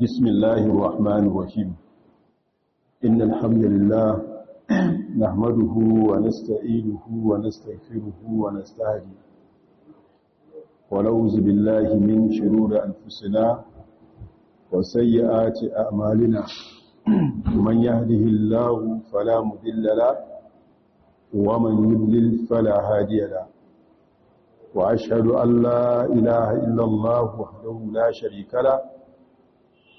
بسم الله الرحمن الرحيم إن الحمد لله نحمده ونستعينه ونستغفره ونستهدي ونعوذ بالله من شرور أنفسنا وسيئات أعمالنا من يهده الله فلا مضل له ومن يضلل فلا هادي له وأشهد أن لا إله إلا الله وحده لا شريك له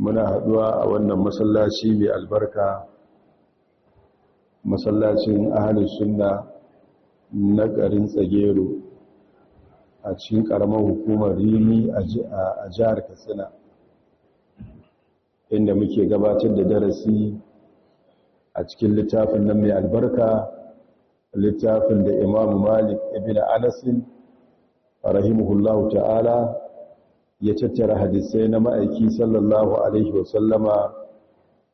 muna haduwa a wannan masallaci mai albarka masallacin ahalin sunna na garin tsagero a cikin karamar hukumar rimi a jihar katsina inda muke gabatar da darasi a cikin littafin nan mai albarka littafin da Imam malik ibn anasin rahimahullahu ta'ala ya tattara hadisai na ma'aiki sallallahu alaihi wasallama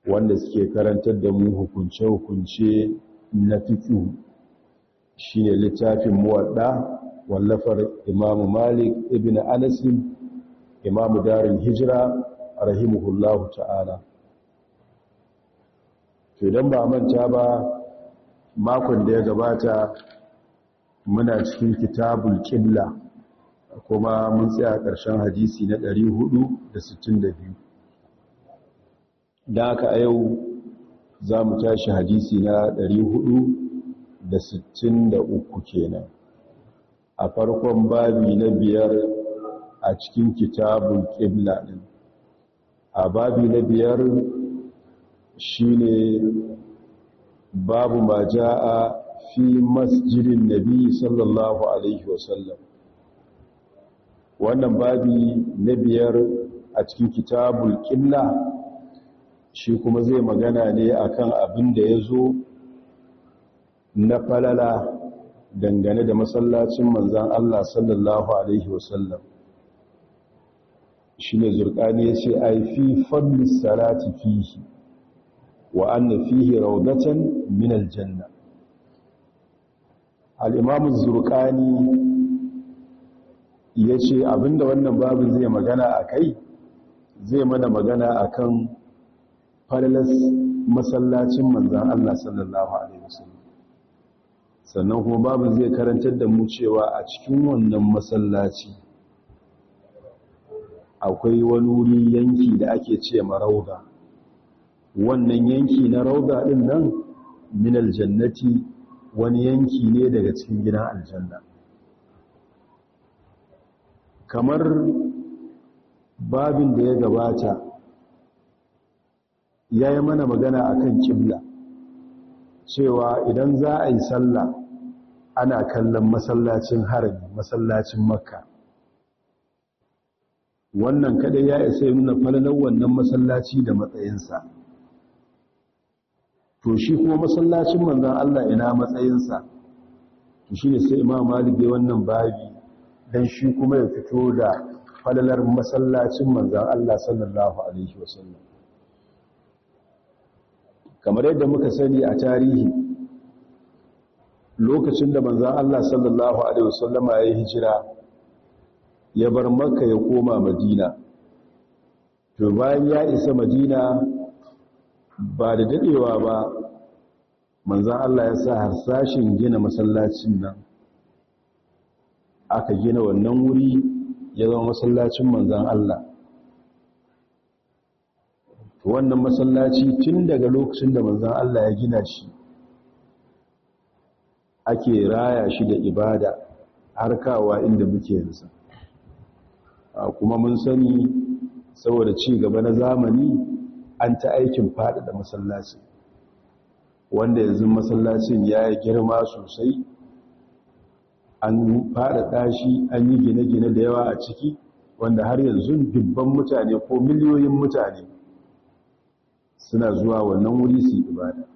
wanda suke karantar da mu hukunce-hukunce na fiƙi shi ne littafin muwaɗa wallafar imamu malik ibn anasin imamu darin hijira rahimahullahu ta'ala to idan ba manta ba makon da ya gabata muna cikin kitabul ƙibla kuma mun tsaya ƙarshen hadisi na 462 da aka a yau za mu tashi hadisi na 463 kenan a farkon babi na biyar a cikin kitabun ƙibla ɗin a babi na biyar shi ne babu ma a fi masjidin nabi sallallahu alaihi wasallam wannan babi na biyar a cikin kitabul ƙilla shi kuma zai magana ne akan abin da ya zo na falala dangane da masallacin manzan Allah sallallahu alaihi wasallam shi ne zurkani ya ce ai fi fadlis salati fihi wa anna fihi rawdatan min aljanna al-imam az ya ce abinda wannan babu zai magana a kai zai mana magana a kan falalas masallacin manzan Allah sallallahu Alaihi wasallam sannan kuma babu zai karantar da mu cewa a cikin wannan masallaci akwai wani wuri yanki da ake ce marauda wannan yanki na rauda ɗin nan min aljannati wani yanki ne daga cikin gina aljanna kamar babin da ya gabata ya yi mana magana a kan ƙibla cewa idan za a yi sallah ana kallon masallacin harin masallacin makka wannan kaɗai ya isa nuna falalar wannan masallaci da matsayinsa to shi kuma masallacin manzan Allah ina matsayinsa to shi ne sai imam malik wannan babi don shi kuma ya fito da falalar masallacin manzan Allah sallallahu Alaihi wasallam kamar yadda muka sani a tarihi lokacin da manzan Allah sallallahu Alaihi wasallama ya hijira ya bar maka ya koma madina to bayan ya isa madina ba da daɗewa ba manzan Allah ya sa harsashin gina masallacin nan aka gina wannan wuri ya zama masallacin Manzon Allah wannan masallaci tun daga lokacin da Manzon Allah ya gina shi ake raya shi da ibada har kawa inda muke A kuma mun sani saboda ci gaba na zamani an ta aikin faɗaɗa masallaci wanda yanzu masallacin ya girma sosai an faɗaɗa ɗashi an yi gine-gine da yawa a ciki wanda har yanzu dubban mutane ko miliyoyin mutane suna zuwa wannan wuri su ibada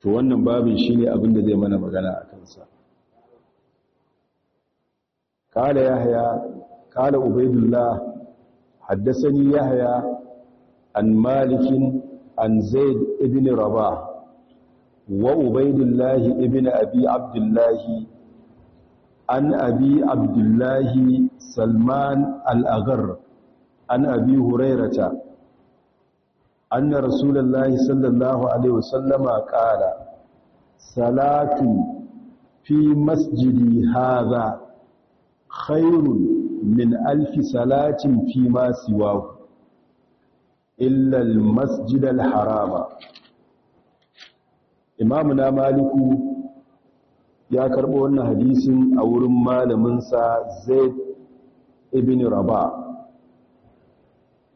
to wannan babin shine ne da zai mana magana a kansa kala yahya kala ubaidullah haddasani yahya an malikin an zaid ibn rabah wa ubaidillahi ibn abi abdullahi an abi abdullahi salman al-aghar an abi hurairata anna rasulullahi sallallahu alaihi wasallama qala salatu fi masjidi hadha khairun min alfi salatin fi ma siwahu illa al-masjid al-harama imamu na maliku ya karɓo wannan hadisin a wurin malaminsa zaid ibn raba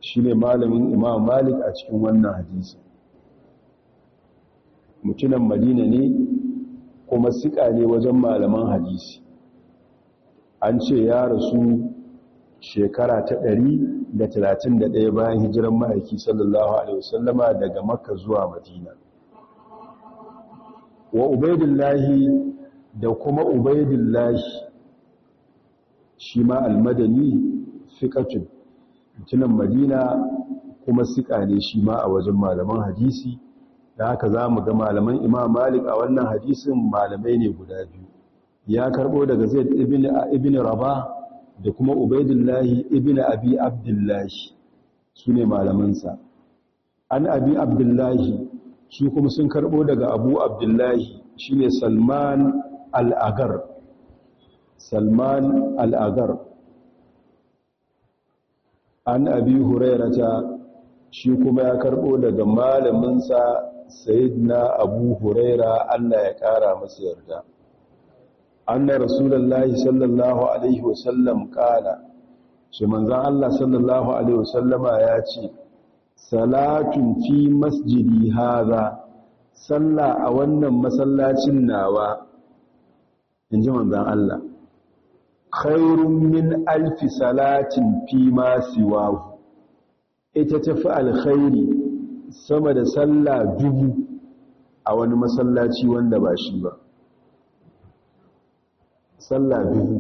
shi ne malamin imam malik a cikin wannan hadisi mutunan madina ne kuma siƙa ne wajen malaman hadisi an ce ya rasu shekara ta ɗari da talatin da ɗaya bayan hijiran ma'aiki sallallahu alaihi wasallama daga makka zuwa madina wa ubaidullahi da kuma ubaidullahi shi ma almadani fiƙatun mutumin madina kuma siƙa ne shi ma a wajen malaman hadisi da haka za mu ga malaman imam malik a wannan hadisin malamai ne guda biyu ya karɓo daga zai ibn raba da kuma ubaidullahi ibn abi abdullahi su ne malamansa an abi abdullahi su kuma sun karbo daga abu abdullahi shi ne salman al'agar salman al'agar an abi hurairata shi kuma ya karbo daga malaminsa sayidina abu huraira allah ya kara masa yarda anna rasulullahi sallallahu alaihi wasallam kala shi manzan allah sallallahu alaihi wasallama ya ce salatun fi masjidi haza salla a wannan masallacin nawa in ji manzan Allah khairun min alfi salatin fi ma siwahu ita tafi alkhairi sama da salla dubu a wani masallaci wanda ba shi ba salla dubu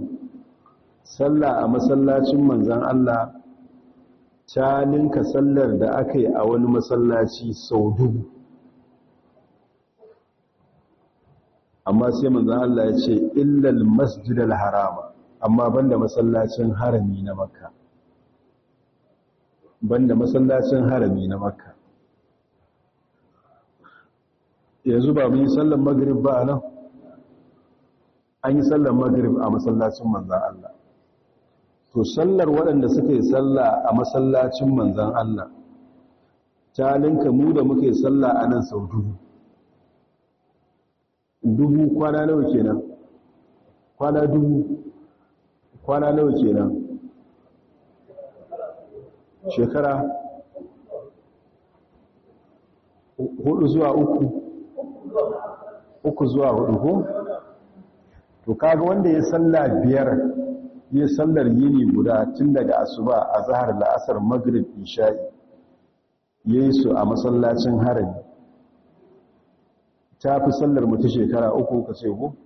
salla a masallacin manzan Allah ta ninka sallar da aka yi a wani masallaci sau dubu amma sai manzan Allah ya ce illal masjidal harama amma banda matsalacin harami na makka banda masallacin harami na makka yanzu ba mu yi sallar magrib ba nan an yi sallar magrib a masallacin manzan Allah to sallar waɗanda suka yi sallah a masallacin manzan Allah ta linka mu da muka yi sallah a nan sau dubu dubu kwana nawa kenan kwana dubu kwana nawa kenan shekara hudu zuwa uku uku zuwa hudu ko to kaga wanda ya salla biyar ya sallar yini guda tun daga asuba a zahar la'asar maghrib isha'i ya yi su a masallacin harin ta fi sallar mutu shekara uku ka ce ku?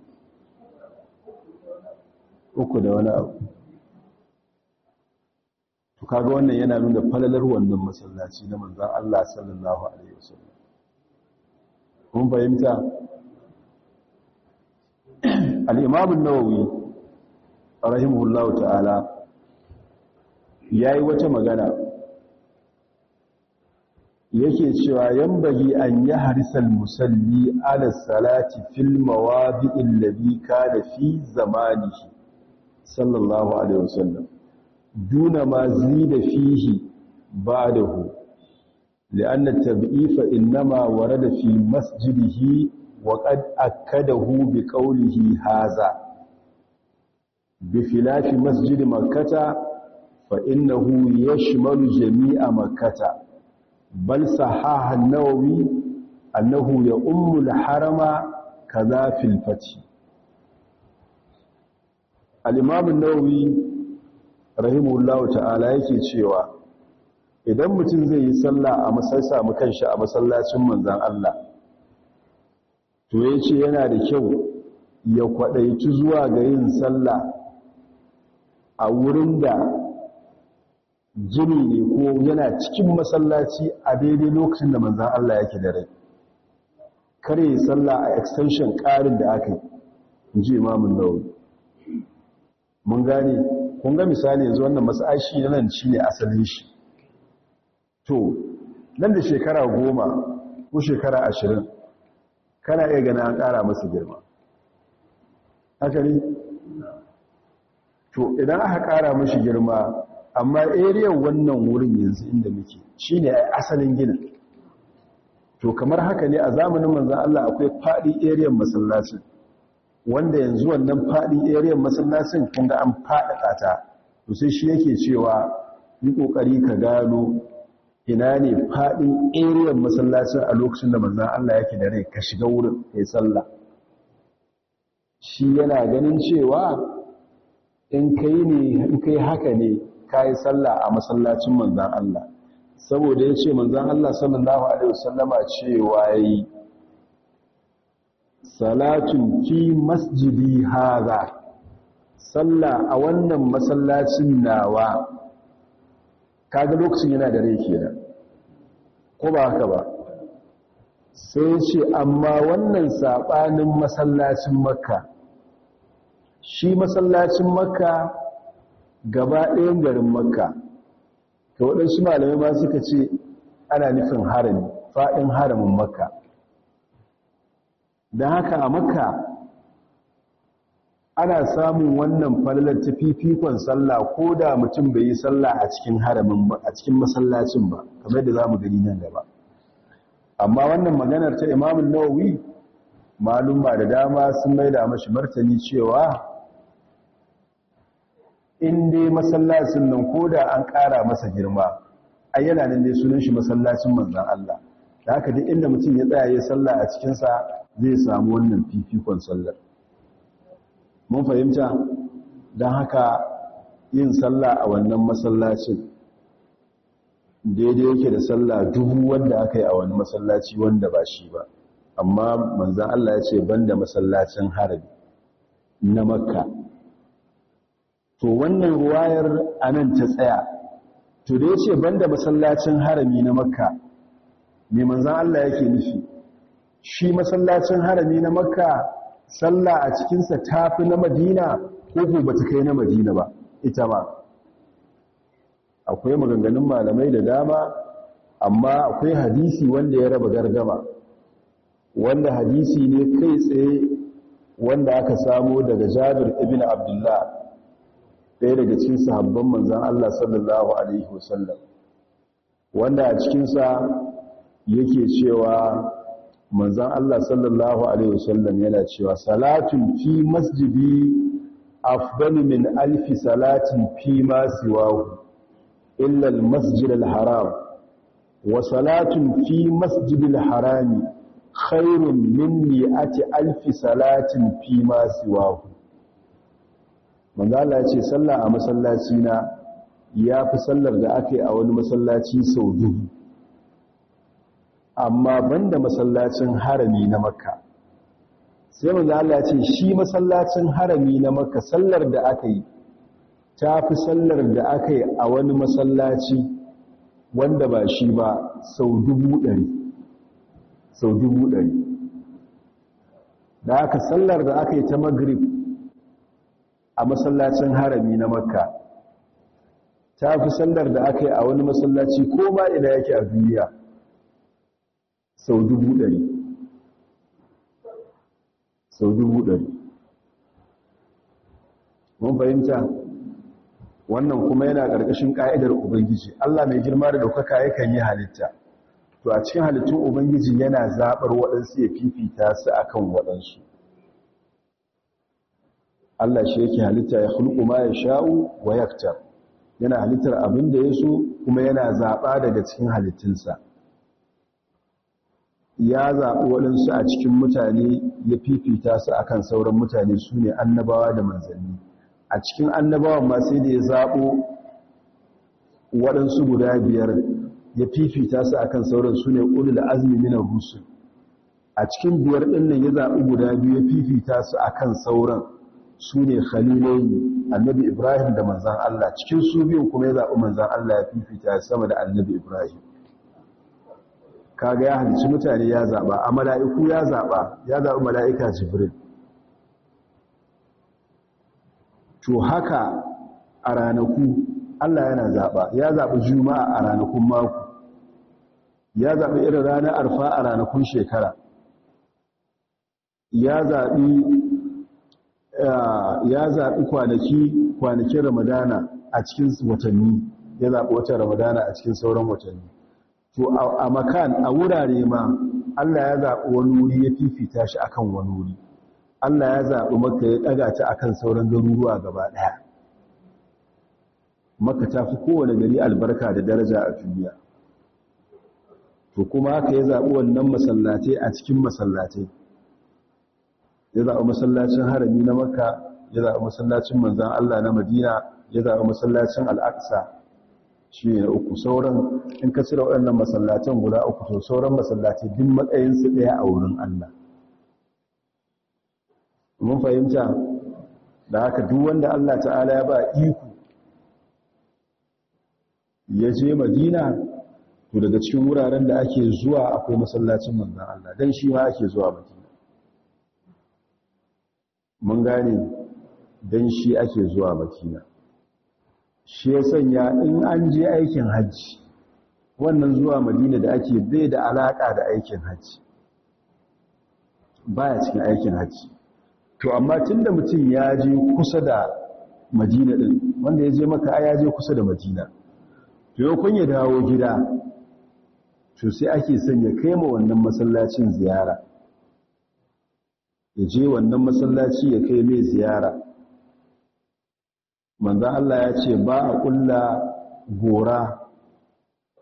uku da wani abu to kaga wannan yana nuna falalar wannan masallaci na manzan Allah sallallahu alaihi wasallam kun fahimta al'imamun nawawi rahimahullahu ta'ala yayi wata magana yake cewa yambagi an yi harisal musalli ala salati fil mawadi'i alladhi kana fi zamanihi sallallahu alaihi wasallam duna ma zida fihi ba'dahu لأن التبعيف إنما ورد في مسجده وقد أكده بقوله هذا bi filafi masjidi makkata fa innahu yashmalu jami'a makkata bal sahaha an-nawawi annahu ya ummu al-harama kaza fil fath al-imam an-nawawi rahimahullahu ta'ala yake cewa idan mutum zai yi sallah a masallasa mu kanshi a masallacin manzon Allah to yace yana da kyau ya kwadaici zuwa ga yin sallah a wurin da jini ne ko yana cikin masallaci a daidai lokacin da manzan Allah yake da rai kare yi sallah a extension ƙarin da aka yi in ji imamun nawawi mun gane kun ga misali yanzu wannan masashi na nan shi ne asalin shi to nan da shekara goma ko shekara ashirin kana iya gani an ƙara masa girma haka ne to idan aka ƙara mashi girma amma area wannan wurin yanzu inda muke shine asalin ginin to kamar haka ne a zamanin manzon Allah akwai fadi area masallacin wanda yanzu wannan fadi area masallacin kun ga an faɗaɗa ta to sai shi yake cewa yi kokari ka gano ina ne fadin area masallacin a lokacin da manzon Allah yake da rai ka shiga wurin kai sallah shi yana ganin cewa in kai ne haka ne kai sallah a masallacin manzon Allah saboda yace manzon Allah sallallahu alaihi wasallama cewa yi salatun fi masjidi haza. sallah a wannan masallacin nawa kaga lokacin yana da rai kenan ko ba haka ba sai ce amma wannan saɓanin masallacin makka shi masallacin makka gaba ɗayan garin makka ta waɗansu malamai ba suka ce ana nufin harami faɗin haramin makka don haka a makka ana samun wannan falalar ta fifikon sallah ko da mutum bai yi sallah a cikin haramin ba a cikin masallacin ba kamar da zamu mu gani nan gaba amma wannan maganar ta imamun nawawi malumma da dama sun maida mashi martani cewa in dai masallacin nan ko da an ƙara masa girma a yana nan dai sunan shi masallacin manzan Allah da haka duk inda mutum ya tsaya ya sallah a cikin sa zai samu wannan fifikon sallar mun fahimta don haka yin sallah a wannan masallacin daidai yake da sallah duhu wanda aka yi a wani masallaci wanda ba shi ba amma manzan Allah ya ce banda masallacin harabi na makka to wannan ruwayar a nan ta tsaya to da ya banda masallacin harami na makka me manzon Allah yake nufi shi masallacin harami na makka sallah a cikin ta fi na madina ko ko ba kai na madina ba ita ba. akwai maganganun malamai da dama amma akwai hadisi wanda ya raba gargama wanda hadisi ne kai tsaye wanda aka samo daga jabir ibn abdullah ɗaya daga cikin sahabban manzan Allah sallallahu alaihi wasallam wanda a cikinsa yake cewa manzan Allah sallallahu alaihi wasallam yana cewa salatun fi masjidi afdalu min alfi salatin fi masu siwahu illal masjidal haram, wa salatun fi masjidil harami khairun min mi'ati alfi salatin fi masu siwahu manzo Allah ce sallah a masallaci na yafi sallar da ake a wani masallaci sau dubu amma banda masallacin harami na makka sai manzo Allah ce shi masallacin harami na makka sallar da aka yi tafi sallar da aka yi a wani masallaci wanda ba shi ba sau dubu ɗari sau dubu ɗari da aka sallar da aka yi ta magrib a masallacin harami na makka ta fi sallar da aka yi a wani masallaci ko ba ina yake a duniya sau dubu ɗari mun fahimta wannan kuma yana ƙarƙashin ƙa'idar ubangiji allah mai girma da ɗaukaka yakan yi halitta to a cikin halittun ubangiji yana zaɓar waɗansu ya fifita su a kan waɗansu Allah shi yake halitta ya khulqu ma yasha'u wa yaktar yana halittar abin da yaso kuma yana zaba daga cikin halittunsa ya zabi waɗansu a cikin mutane ya fifita su akan sauran mutane sune annabawa da manzanni a cikin annabawan ma sai da ya zabo waɗansu guda biyar ya fifita su akan sauran sune ulul azmi minar rusul a cikin biyar ɗinnan ya zabi guda biyu ya fifita su akan sauran su ne khalilai annabi ibrahim da manzan Allah cikin su biyu kuma ya zaɓi manzan Allah ya fifita sama da annabi ibrahim kaga ya halici mutane ya zaɓa a mala'iku ya zaɓa ya zaɓi mala'ika jibril to haka a ranaku Allah yana zaɓa ya zaɓi juma'a a ranakun mako ya zaɓi irin ranar arfa a ranakun shekara ya zaɓi Eh, ya zaɓi kwanaki kwanakin ramadana a cikin watanni ya zaɓi wata ramadana a cikin sauran watanni to a makan a wurare ma allah ya zaɓi wani wuri ya fifita shi akan wani wuri allah ya zaɓi maka ya ɗaga ta akan sauran garuruwa gaba ɗaya maka ta fi kowane gari albarka da daraja a duniya to kuma haka ya zaɓi wannan masallatai a cikin masallatai ya zaɓi masallacin harami na makka ya zaɓi masallacin manzan allah na madina ya zaɓi masallacin al'aqsa shi ne uku sauran in ka cire waɗannan masallacin guda uku to sauran masallaci duk matsayinsu ɗaya a wurin allah mun fahimta da haka duk wanda allah ta'ala ya ba iko ya je madina to daga cikin wuraren da ake zuwa akwai masallacin manzan allah don shi ma ake zuwa madina mun gane don shi ake zuwa makina shi ya sanya in an je aikin hajji wannan zuwa madina da ake bai da alaƙa da aikin hajji baya cikin aikin hajji to amma tun da mutum ya je kusa da madina ɗin wanda ya je maka ya je kusa da madina to ya kun dawo gida to sai ake sanya kai ma wannan masallacin ziyara ya je wannan masallaci ya kai mai ziyara manzan Allah ya ce ba a ƙulla gora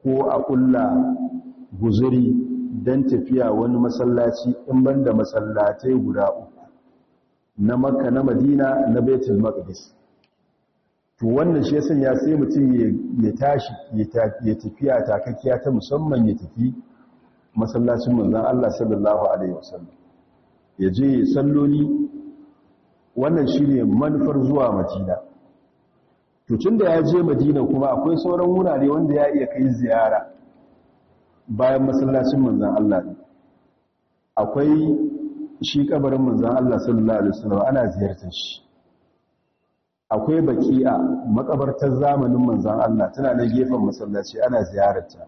ko a ƙulla guzuri don tafiya wani masallaci in banda masallatai guda uku na makka na madina na betul maqdis to wannan shi yasan ya sai mutum ya tashi ya tafiya takakkiya ta musamman ya tafi masallacin manzan Allah sallallahu alaihi wasallam ya je salloli wannan shi ne manufar zuwa madina tucin da ya je madina kuma akwai sauran wurare wanda ya iya kai ziyara bayan masallacin manzan Allah akwai shi kabarin manzan Allah sallallahu alaihi wasallam ana ziyartar shi akwai baki'a makabartar zamanin manzan Allah tana da gefen masallaci ana ziyararta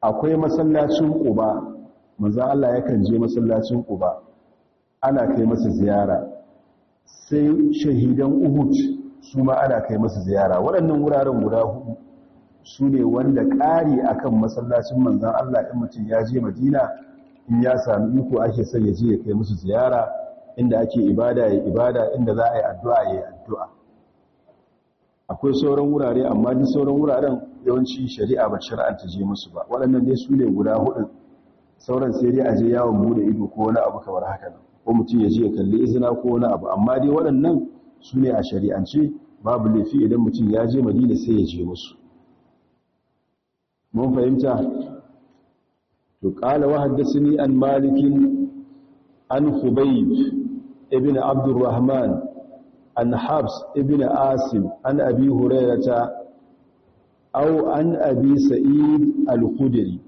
akwai masallacin Quba manzo Allah yakan je masallacin Quba ana kai masa ziyara sai shahidan Uhud su ma ana kai masa ziyara waɗannan wuraren guda hudu su ne wanda ƙari akan masallacin manzo Allah in mutum ya je Madina in ya sami iko ake son ya je ya kai musu ziyara inda ake ibada ya ibada inda za a yi addu'a ya yi addu'a akwai sauran wurare amma duk sauran wuraren yawanci shari'a ba shari'a ta je musu ba waɗannan dai su ne guda hudu sauran sai dai a je yawon bude ido ko wani abu kamar haka nan ko mutum ya je ya kalli izina ko wani abu amma dai waɗannan su ne a shari'ance babu laifi idan mutum ya je madina sai ya je musu mun fahimta to qala wa haddathani an malik an khubayb ibn abdurrahman an habs ibn asim an abi ta aw an abi sa'id al-khudri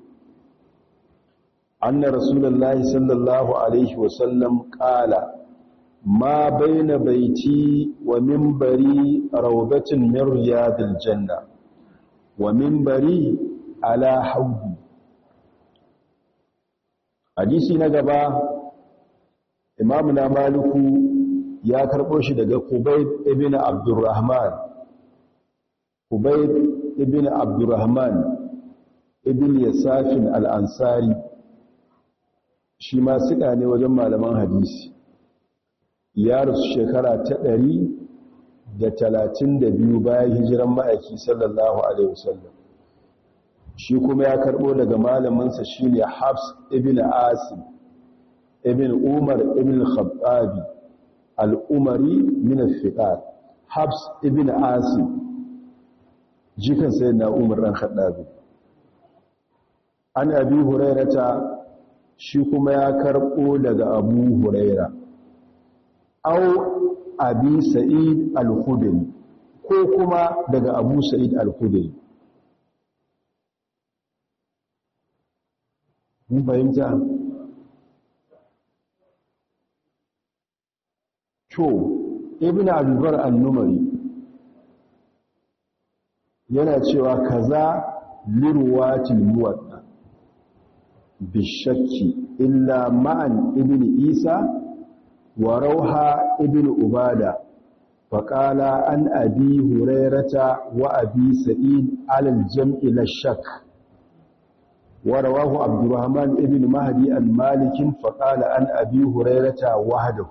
anna rasulullahi sallallahu alaihi wasallam qala ma baina baiti wa minbari rawdatin min riyadil janna wa minbari ala hawdi hadisi na gaba imamu na maliku ya karbo shi daga kubayb ibn abdurrahman kubayb ibn abdurrahman ibn yasafin al-ansari shi ma suka ne wajen malaman hadisi ya rasu shekara ta ɗari da talatin da biyu bayan hijiran ma'aiki sallallahu alaihi wasallam shi kuma ya karɓo daga malamansa shi ne hafs ibn asim ibn umar ibn khattabi al'umari min fiƙar hafs ibn asim jikan sai na umar ran khattabi an abi hurairata shi kuma ya karɓo daga abu huraira au abi sa'id al-khudri ko kuma daga abu sa'id al-khudri mun fahimta to ibn abdur al-numari yana cewa kaza lirwatil muwatta bishakki illa ma'an ibn isa wa rauha ibn ubada faƙala an abi hurairata wa abi sa'id alal jam'i la shak ورواه عبد الرحمن ابن مهدي عن مالك فقال an abi هريره وحده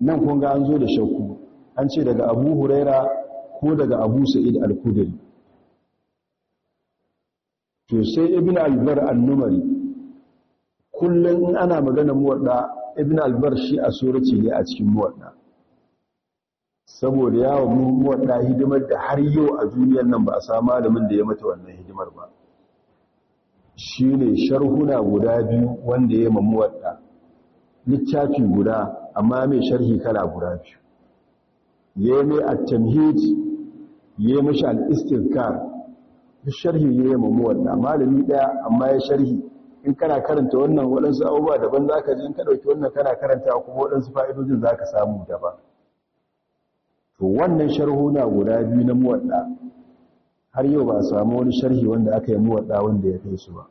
nan kun ga an zo da shakku an ce daga abu huraira ko daga abu sa'id al to sai ibn albar annumari kullum in ana magana muwadda ibn albar shi a surace ne a cikin muwadda saboda yawo muwadda hidimar da har yau a duniyar nan ba a sama da da ya mata wannan hidimar ba shi ne sharhuna guda biyu wanda ya ma muwadda littafi guda amma mai sharhi kala guda biyu ya yi mai a tamhid ya yi mashi al-istizkar duk sharhi ne ya yi wannan malami ɗaya amma ya sharhi in kana karanta wannan waɗansu abubuwa daban za ka ji in ka ɗauki wannan kana karanta kuma waɗansu fa'idojin za ka samu daban to wannan sharhu na guda biyu na muwaɗa har yau ba a samu wani sharhi wanda aka yi muwaɗa wanda ya kai su ba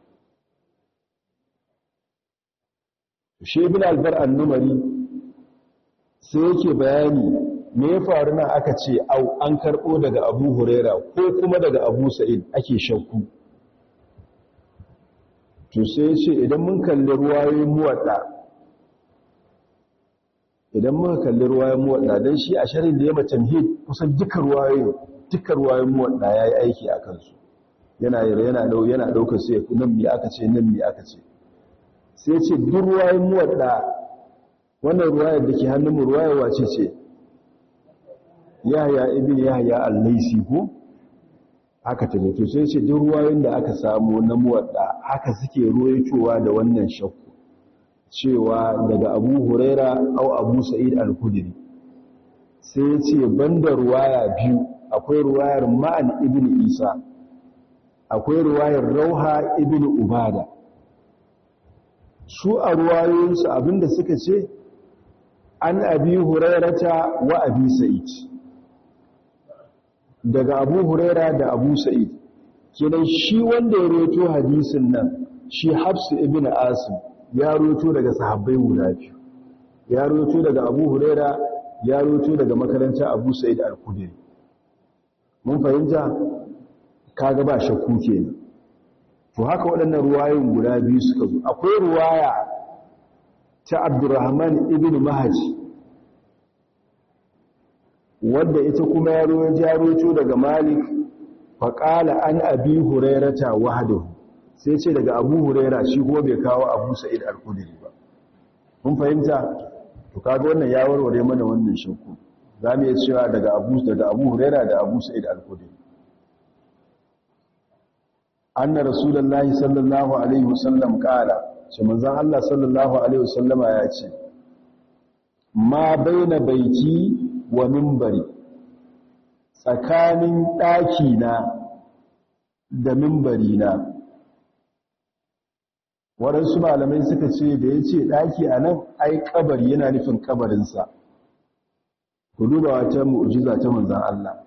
shi ibn albar annumari sai yake bayani me ya faru nan aka ce au an karɓo daga abu huraira ko kuma daga abu sa'id ake shakku to sai ya ce idan mun kalli ruwayoyin muwaɗa idan muka kalli ruwayoyin muwaɗa don shi a sharin da ya matamhid kusan duka ruwayoyin duka ruwayoyin muwaɗa ya yi aiki a kansu yana yana ɗau yana ɗaukar sai nan me aka ce nan me aka ce sai ce duk ruwayoyin muwaɗa wannan ruwayar da ke hannun mu ruwayar wace ce yaya ibn yaya al-laisi ko aka tabe to sai ce duk ruwayoyin da aka samu na muwadda haka suke ruwayowa da wannan shakku cewa daga Abu Huraira au Abu Sa'id al-Khudri sai ya ce banda ruwaya biyu akwai ruwayar Ma'an ibn Isa akwai ruwayar Rauha ibn Ubada su a ruwayoyinsu abinda suka ce an abi hurairata wa abi sa'id daga abu huraira da abu sa'id kenan shi wanda ya roto hadisin nan shi hafsu ibn asim ya roto daga sahabbai guda biyu ya roto daga abu huraira ya roto daga makarantar abu sa'id al-kudri mun fahimta kaga ba shakku ne. to haka waɗannan ruwayoyin guda biyu suka zo akwai ruwaya ta abdurrahman ibn mahaji wadda ita kuma yaro ya jaroto daga malik faƙala an abi hurairata wahadahu sai ce daga abu huraira shi kuma bai kawo abu sa'id al-kudiri ba Mun fahimta to kaga wannan ya warware mana wannan shakku za mu iya cewa daga abu daga abu huraira da abu sa'id al-kudiri anna rasulullahi sallallahu alaihi wasallam kala shi manzon Allah sallallahu alaihi wasallama ya ce ma baina baiti wa mimbari tsakanin na da mimbarina waɗansu malamai suka ce da yace ce ɗaki a nan ai ƙabari yana nufin ƙabarinsa ku duba wata mu'ujiza ta manzan Allah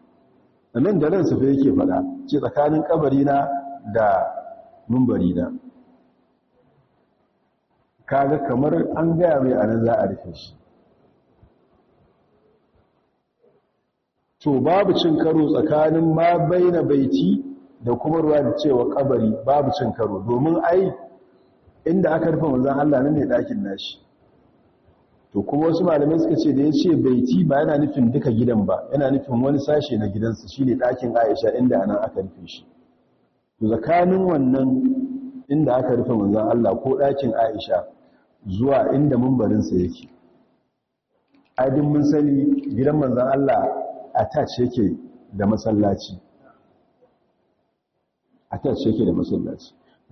nan da nan sufe yake faɗa ce tsakanin ƙabarina da mimbarina kaga kamar an gaya mai a nan za a rufe shi to babu cin karo tsakanin ma baina baiti da kuma ruwa da cewa kabari babu cin karo domin ai inda aka rufe manzon Allah nan ne dakin nashi to kuma wasu malamai suka ce da yace baiti ba yana nufin duka gidan ba yana nufin wani sashe na gidansa shine dakin Aisha inda anan aka rufe shi to tsakanin wannan inda aka rufe manzon Allah ko dakin Aisha zuwa inda mumbarin sa yake din mun sani gidan manzon Allah attach yake da yake da masallaci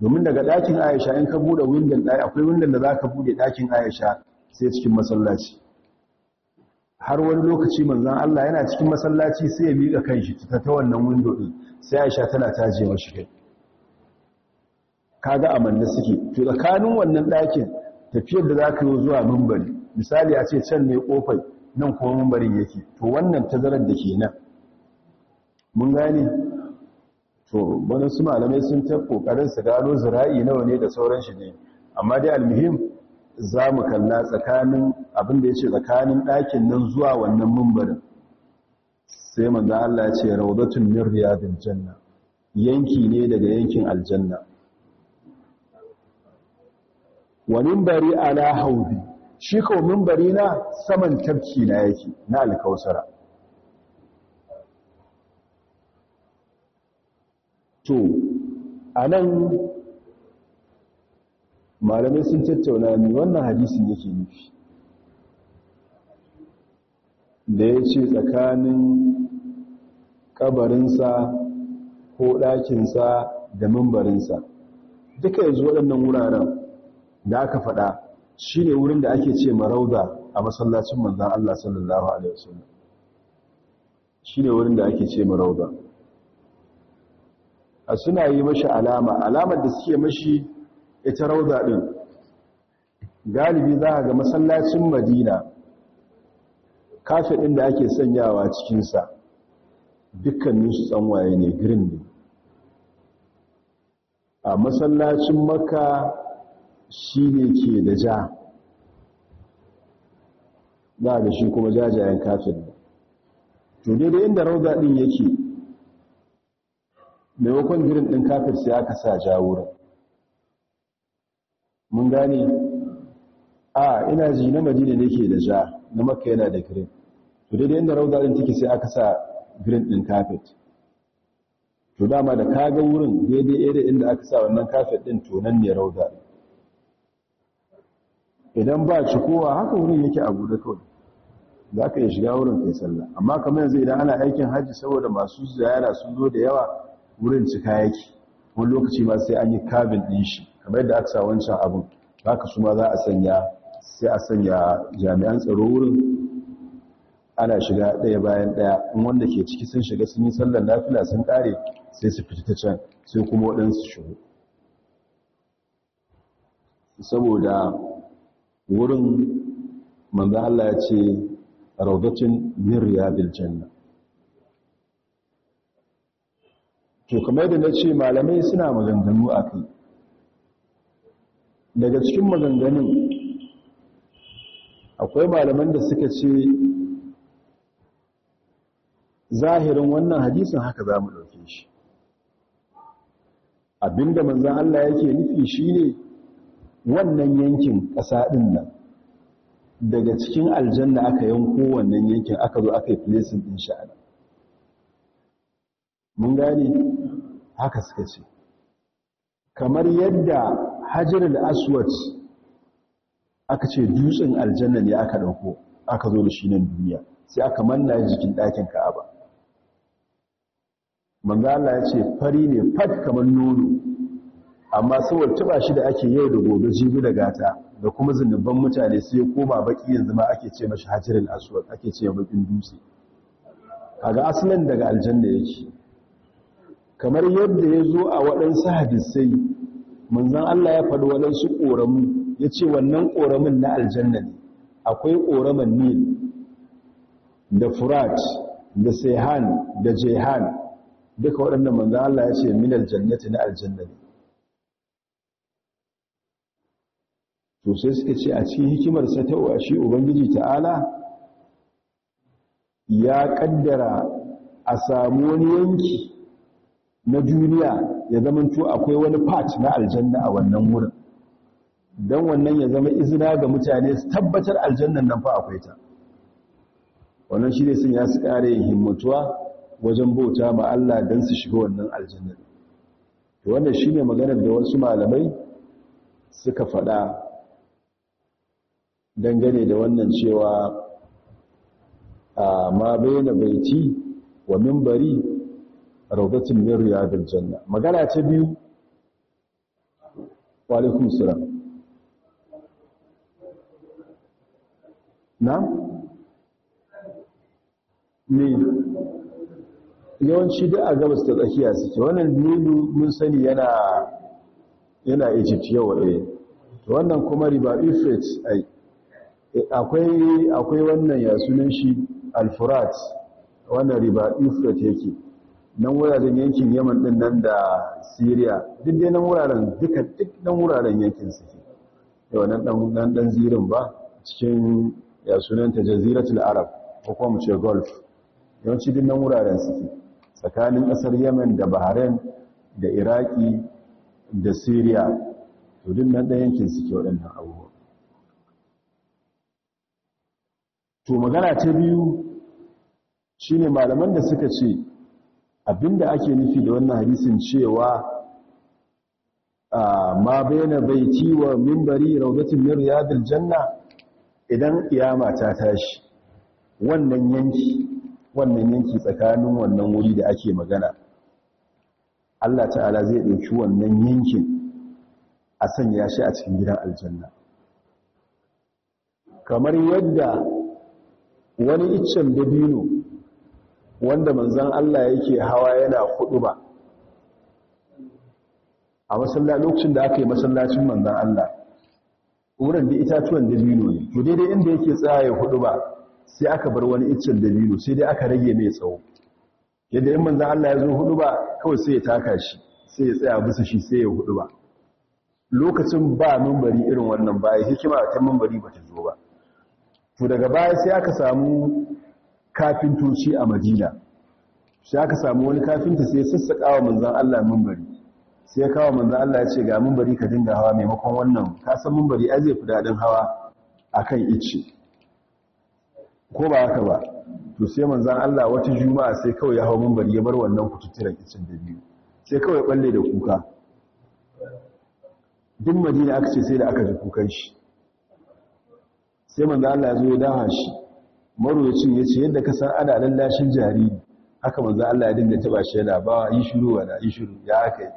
domin daga ɗakin aisha in ka buɗe windon ɗaya akwai windon da zaka ka buɗe ɗakin aisha sai cikin masallaci har wani lokaci manzon Allah yana cikin masallaci sai ya miƙa kanshi ta ta wannan windo din sai aisha tana taje mashi kai kaga amanna suke to tsakanin wannan ɗakin tafiyar da za ka yi zuwa mimbari misali a ce can ne kofar nan kuma mambarin yake to wannan tazarar da ke nan mun gane to wani su malamai sun ta kokarin su gano zira'i nawa ne da sauran shi ne amma dai almuhim za mu kalla tsakanin abin da ya ce tsakanin ɗakin nan zuwa wannan mambarin sai manzo Allah ya ce rawdatun min riyadil janna yanki ne daga yankin aljanna wa bari ala haudi shi ko mimbari na saman tafki na yake na alkausara to anan nan malamai sun tattauna ne wannan hadisin yake nufi da ya ce tsakanin kabarinsa ko ɗakinsa da mimbarinsa duka yanzu waɗannan wuraren da aka faɗa Shi ne wurin da ake ce marauda a masallacin manzan Allah sallallahu alaihi wasallam ne wurin da ake ce marauda a suna yi mashi alama alamar da suke mashi ita rauda ɗin galibi za a ga masallacin Madina kafe ɗin da ake sanyawa cikinsa dukkanin tsanwaye ne girin ne a masallacin Makka. shi ne ke da ja ba da shi kuma jajayen kafin to daidai inda rauda ɗin yake maimakon girin ɗin kafin sai aka sa ja wurin mun gane a ina ji na madina ne ke da ja na makka yana da girin to daidai inda rauda ɗin take sai aka sa girin ɗin kafin to dama da kaga wurin daidai da inda aka sa wannan kafin ɗin to nan ne rauda idan ba ci kowa haka wurin yake a guda kawai za ka iya shiga wurin kai sallah amma kamar yanzu idan ana aikin hajji saboda masu ziyara sun zo da yawa wurin cika yake wani lokaci ma sai an yi kabin ɗin shi kamar yadda aka sa wancan abin haka su ma za a sanya sai a sanya jami'an tsaro wurin ana shiga ɗaya bayan ɗaya in wanda ke ciki sun shiga sun yi sallar lafiya sun ƙare sai su fita ta can sai kuma waɗansu shigo saboda wurin manzo Allah ya ce rawdatin min riyadil janna to kamar da nace malamai suna maganganu akai daga cikin maganganun akwai malaman da suka ce zahirin wannan hadisin haka za mu ɗauke shi abinda manzan Allah yake nufi shine wannan yankin ƙasa ɗin nan daga cikin aljanna aka yanko wannan yankin aka zo aka yi filesin ɗin sha'ada mun gane haka suka ce kamar yadda hajjar Aswad aka ce dutsen aljanna ne aka ɗauko aka zo da shi nan duniya sai aka manna jikin ɗakin ka'aba manzo Allah ya ce fari ne fat kamar nono amma saboda ba shi da ake yau da gobe jibi da gata da kuma zunuban mutane sai ya koma baki yanzu ma ake ce mashi hajjirin asuwar ake ce bakin dutse A ga asalin daga aljanna yake kamar yadda ya zo a waɗansu hadisai manzan Allah ya faɗi waɗansu ƙoramu ya ce wannan ƙoramin na aljanna ne akwai ƙoramin nil da furat da sehan da jehan duka waɗannan manzan Allah ya ce min aljannati na aljanna ne to sai suka ce a cikin hikimar sa ta shi ubangiji ta'ala ya kaddara a samu wani yanki na duniya ya zamanto akwai wani part na aljanna a wannan wurin don wannan ya zama izina ga mutane su tabbatar aljannan nan fa akwai ta wannan shi ne sun ya su kare himmatuwa wajen bauta ma Allah dan su shiga wannan aljannan to wannan shi ne maganar da wasu malamai suka faɗa dangane da wannan cewa a ma bayyana baiti wa minbari raudatin riyadil janna magana ce biyu wa alaikum na ne yawanci da a gabas ta tsakiya suke wannan nilu mun sani yana yana egypt yau ɗaya eh. wannan kuma riba ifrit ai akwai akwai wannan ya sunan shi al-furat wannan riba ifrat yake nan wuraren yankin Yaman din nan da Syria duk dai nan wuraren duka duk nan wuraren yankin suke da wannan dan dan dan zirin ba cikin ya sunan ta jaziratul arab ko kuma mu ce Gulf. yawanci duk nan wuraren suke tsakanin kasar Yaman da Bahrain da Iraki da Syria to duk nan da yankin suke waɗannan abubuwa to magana ta biyu shi ne malaman da suka ce abinda ake nufi da wannan hadisin cewa ma bayyana bai ciwa mimbari rawdatin min riyadil janna idan Iyama ta tashi wannan yanki wannan yanki tsakanin wannan wuri da ake magana Allah ta'ala zai ɗauki wannan yankin a sanya shi a cikin gidan aljanna kamar yadda wani iccen dabino wanda manzan Allah yake hawa yana hudu ba a lokacin da aka yi masallacin manzan Allah wurin da itatuwan dabino ne to daidai inda yake tsaye ya hudu ba sai aka bar wani iccen dabino sai dai aka rage mai tsawo yadda in manzan Allah ya zo hudu ba kawai sai ya taka shi sai ya tsaya bisa shi sai ya hudu ba lokacin ba mambari irin wannan ba hikima ta mambari ba ta zo ba to daga baya sai aka samu kafintoci a madina sai aka samu wani kafinta sai sassaƙa wa manzan Allah mimbari sai ya kawo manzan Allah ya ce ga mambari ka dinga hawa maimakon wannan ka san mimbari zai fi daɗin hawa akan ice ko ba haka ba to sai manzan Allah wata juma'a sai kawai ya hawa mimbari ya bar wannan kututturen icen da biyu sai kawai balle da kuka duk madina aka ce sai da aka ji kukan shi sai manzo Allah ya zo ya daha shi marwayacin ya ce yadda ka san ana lallashin jariri haka manzo Allah ya dinga taba shi yana ba yi shiru wala yi shiru ya haka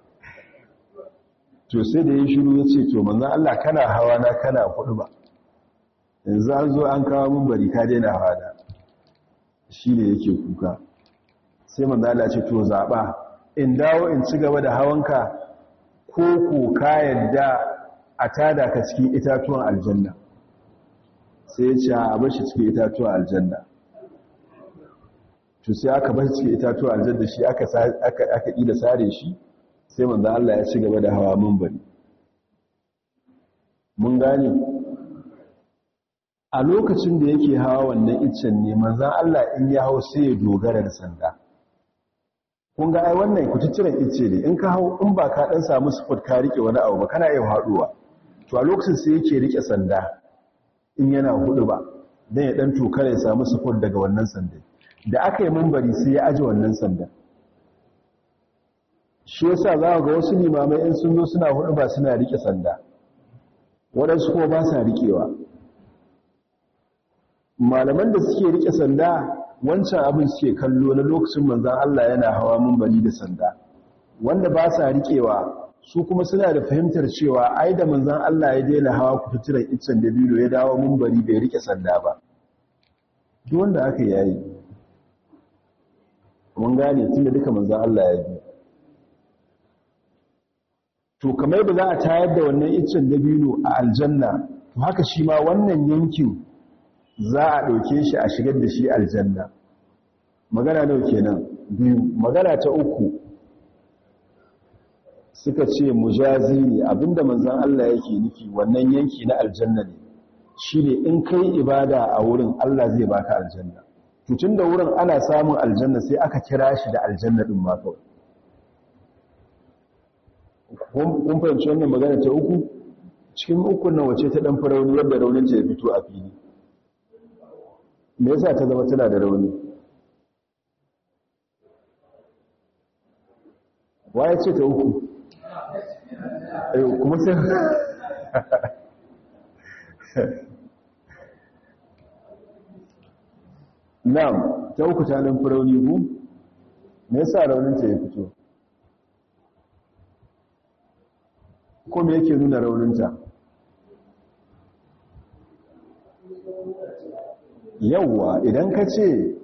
to sai da yi shiru ya ce to manzo Allah kana hawa na kana kudu ba yanzu an zo an kawo mun bari ka daina hawa na shi ne yake kuka sai manzo Allah ya ce to zaba in dawo in ci gaba da hawanka ko ko ka yadda a tada ka cikin itatuwan aljanna sai ya ce a bar shi cikin itatuwan aljanna to sai aka bar shi cikin itatuwan aljanna shi aka aka da sare shi sai manzan Allah ya ci gaba da hawa mun bari. mun gane a lokacin da yake hawa wannan iccen ne manzan Allah in ya hau sai ya dogara da sanda kun ga ai wannan kututturan ci icce ne in ka hau in ba ka dan samu spot ka rike wani abu ba kana iya haduwa to a lokacin sai yake rike sanda in yana hudu ba dan ya dan tokare ya samu support daga wannan sandan da aka yi mambari sai ya aje wannan sandan shi yasa za ga wasu limamai in sun zo suna hudu ba suna rike sanda waɗansu kuma ba sa rikewa malaman da suke rike sanda wancan abin suke kallo na lokacin manzan Allah yana hawa mambari da sanda wanda ba sa rikewa su kuma suna da fahimtar cewa ai da manzan Allah ya daina hawa ku kututturen iccen da biyu ya dawo mumbari bai rike sanda ba duk wanda aka yayi mun gane tunda duka manzan Allah ya bi to kamar ba za a tayar da wannan iccen dabino a aljanna to haka shi ma wannan yankin za a ɗauke shi a shigar da shi aljanna magana nau kenan biyu magana ta uku suka ce mujazi ne abinda manzan Allah yake nufi wannan yanki na aljanna ne shi ne in kai ibada a wurin Allah zai baka aljanna tutun da wurin ana samun aljanna sai aka kira shi da aljanna ɗin ma kawai kun fahimci wannan magana ta uku cikin ukun nan wace ta ɗan farauni yadda raunin ce ya fito a fili me yasa ta zama tana da rauni waye ce ta uku kuma sai na'am ta uku ta nan me yasa raunin ta ya fito ko me yake nuna raunin ta yawwa idan ka ce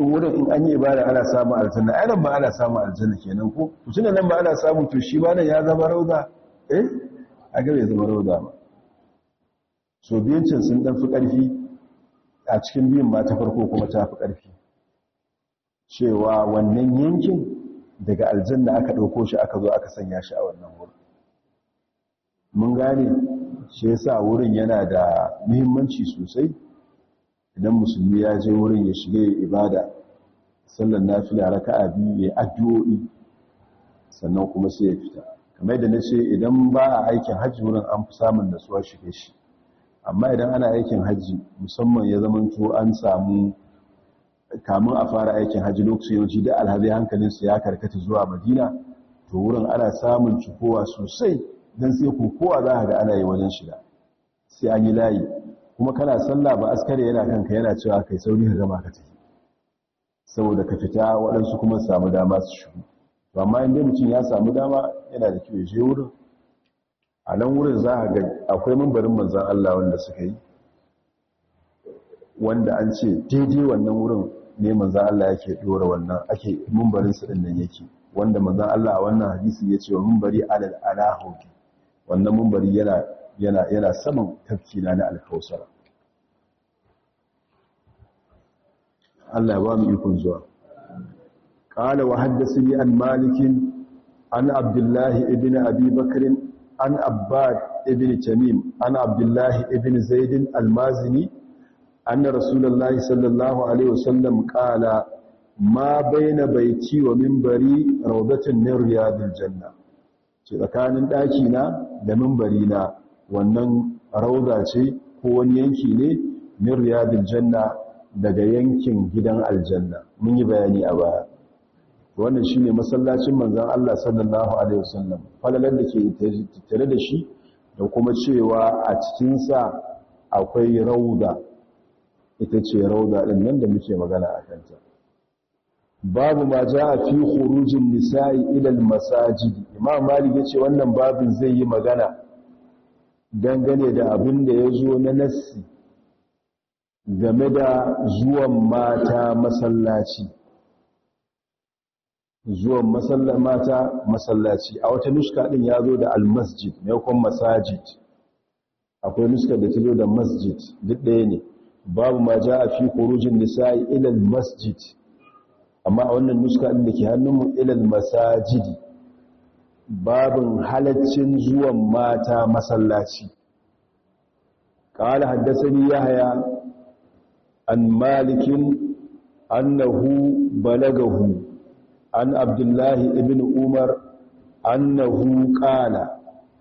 wurin in an yi ibada ana samun aljanna ai nan ba ana samun aljanna kenan ko to da nan ba ana samun to shi ba nan ya zama rauda eh a ga ya zama rauda ba so biyancin sun dan fi karfi a cikin biyun ba ta farko kuma ta fi karfi cewa wannan yankin daga aljanna aka dauko shi aka zo aka sanya shi a wannan wurin mun gane shi yasa wurin yana da muhimmanci sosai idan musulmi ya je wurin ya shiga shige ibada sallan nafila raka'a biyu ya addu'o'i sannan kuma sai ya fita kamar da na ce idan ba a aikin hajji wurin an fi samun nasuwa shige shi amma idan ana aikin hajji musamman ya to an samu kamun a fara aikin hajji lokacin yau, ji da alhazai su ya karkata zuwa madina to wurin ana samun cikowa sosai don sai kowa za a ga ana yi wajen shiga sai an yi layi kuma kana sallah ba askare yana kanka yana cewa kai sauri ka gama ka ci saboda ka fita waɗansu kuma su samu dama su shigo to amma inda mutum ya samu dama yana da kyau ya je wurin a nan wurin za a ga akwai mambarin manzan Allah wanda suka yi wanda an ce daidai wannan wurin ne manzan Allah yake dora wannan ake mambarin su din nan yake wanda manzan Allah a wannan hadisi ya ce wa mambari alal alahu wannan mambari yana yana yana saman tafki na na alkausar Allah ba mu ikon zuwa ƙala wa yi an malikin an abdullahi ibn abi bakr an abbad ibn tamim an abdullahi ibn Zaidin, al-mazini anna rasulullahi sallallahu alaihi wasallam ƙala ma baina bai ci wa mimbari rawdatun min riyadil janna tsakanin ɗaki na da mimbari na wannan rauda ce ko wani yanki ne min riyadil janna daga yankin gidan aljanna mun yi bayani a baya wannan shine masallacin manzon Allah sallallahu alaihi wasallam falalan da ke tare da shi da kuma cewa a cikin sa akwai rauda ita ce rauda din nan da muke magana a kanta babu ma jaa fi khurujin nisa'i ila al-masajid imam malik yace wannan babin zai yi magana dangane da abin da ya zo na nassi game da zuwan mata masallaci zuwan mata masallaci a wata nuska din ya zo da almasjid maimakon masajid akwai nuska da ta zo da masjid duk ɗaya ne babu ma ja a fi korujin nisa'i ilal masjid amma a wannan nuska din da ke hannunmu ilal masajidi babin halaccin zuwan mata masallaci ƙala haddasani ya haya an malikin annahu balagahu an abdullahi ibn umar annahu ƙala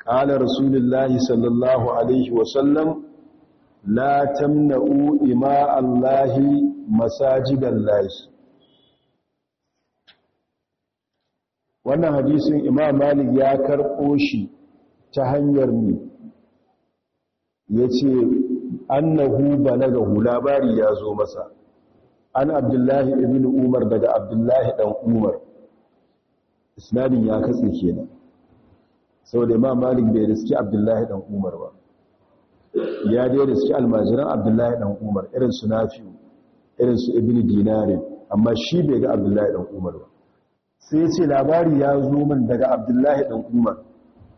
ƙala rasulullahi sallallahu alaihi wasallam la tamna'u ima allahi masajidan lahi wannan hadisin imam malik ya karɓo shi ta hanyar mu ya ce annahu balagahu hulabari ya zo masa an abdullahi ibn umar daga abdullahi dan umar isnadin ya katse kenan saboda imam malik bai riski abdullahi dan umar ba ya dai riski almajiran abdullahi dan umar irin su nafi'u irin su ibn dinarin amma shi bai ga abdullahi dan umar ba sai ya ce labari ya zo man daga abdullahi ɗan umar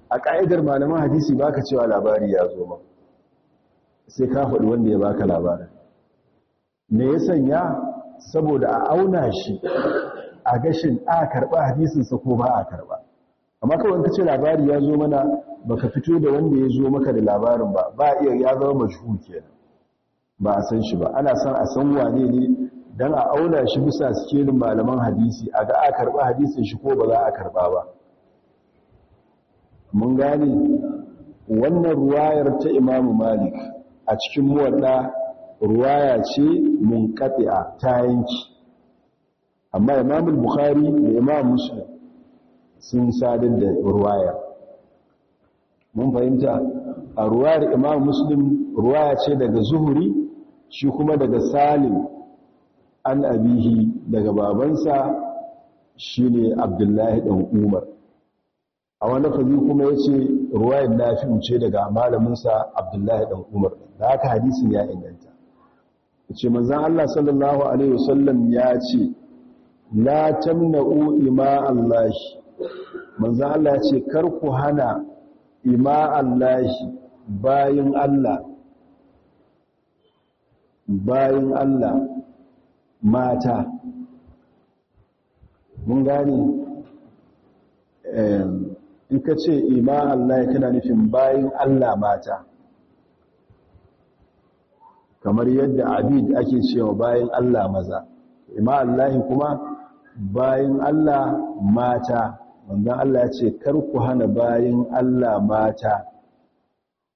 a ƙa'idar malaman hadisi ba ka cewa labari ya zo sai ka faɗi wanda ya baka labarin me ya sanya saboda a auna shi a gashin a karɓa hadisinsa ko ba a karɓa amma kawai ka ce labari ya zo mana baka fito da wanda ya zo maka da labarin ba ba iya ya zama majhul kenan ba a san shi ba ana san a san wane ne don a auna shi bisa sikelin malaman hadisi a ga a karɓa hadisin shi ko ba za a karɓa ba mun gane wannan ruwayar ta imamu malik a cikin muwadda ruwaya ce mun ta yanki amma imamu bukhari da imamu muslim sun sadar da ruwaya mun fahimta a ruwayar imamu muslim ruwaya ce daga zuhuri shi kuma daga salim an abihi daga babansa shine abdullahi dan umar a wani fazi kuma ya ce ruwayar nafi'u ce daga malaminsa abdullahi dan umar da haka hadisin ya inganta ce manzan allah sallallahu alaihi wasallam ya ce la tamna'u ima allahi manzan allah ya ce kar ku hana ima allahi bayin allah bayin allah mata mun gane in ka ce ima Allah ya kana nufin bayan Allah mata kamar yadda abid ake cewa bayan Allah maza ima Allah kuma bayan Allah mata wanda Allah ya ce kar ku hana bayan Allah mata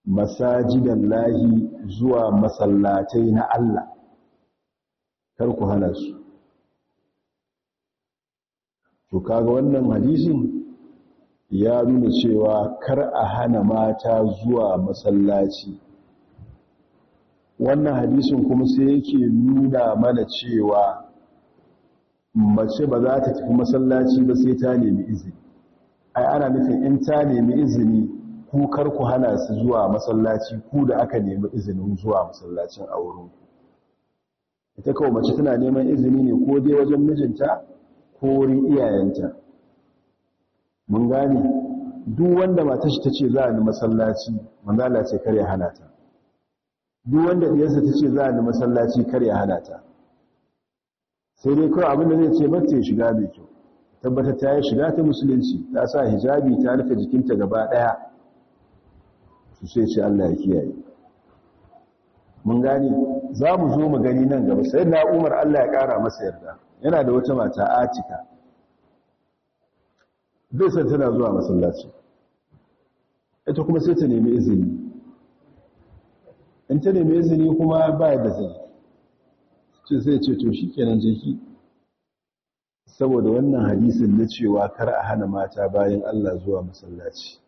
masajidan lahi zuwa masallatai na Allah kar ku hana su to kaga wannan hadisin ya nuna cewa kar a hana mata zuwa masallaci wannan hadisin kuma sai yake nuna mana cewa mace ba za ta tafi masallaci ba sai ta nemi izini ai ana nufin in ta nemi izini ku kar ku hana su zuwa masallaci ku da aka nemi izinin zuwa masallacin a wurinku. ita kawai mace tana neman izini ne ko dai wajen mijinta ko wurin iyayenta mun gane duk wanda matar shi tace za a ni masallaci manzala ce kare halata duk wanda diyarsa tace za a ni masallaci kare halata sai dai kawai abin da zai ce mace ya shiga mai kyau tabbatar ta yi shiga ta musulunci ta sa hijabi ta rufe jikinta gaba ɗaya. su sai ce Allah ya kiyaye mun gani za mu zo mu gani nan gaba sai na umar allah ya kara masa yarda yana da wata mata atika zai san tana zuwa masallaci ita kuma sai ta nemi izini in ta nemi izini kuma ba da zai ce sai ce to shi kenan jiki saboda wannan hadisin na cewa kar a hana mata bayan allah zuwa masallaci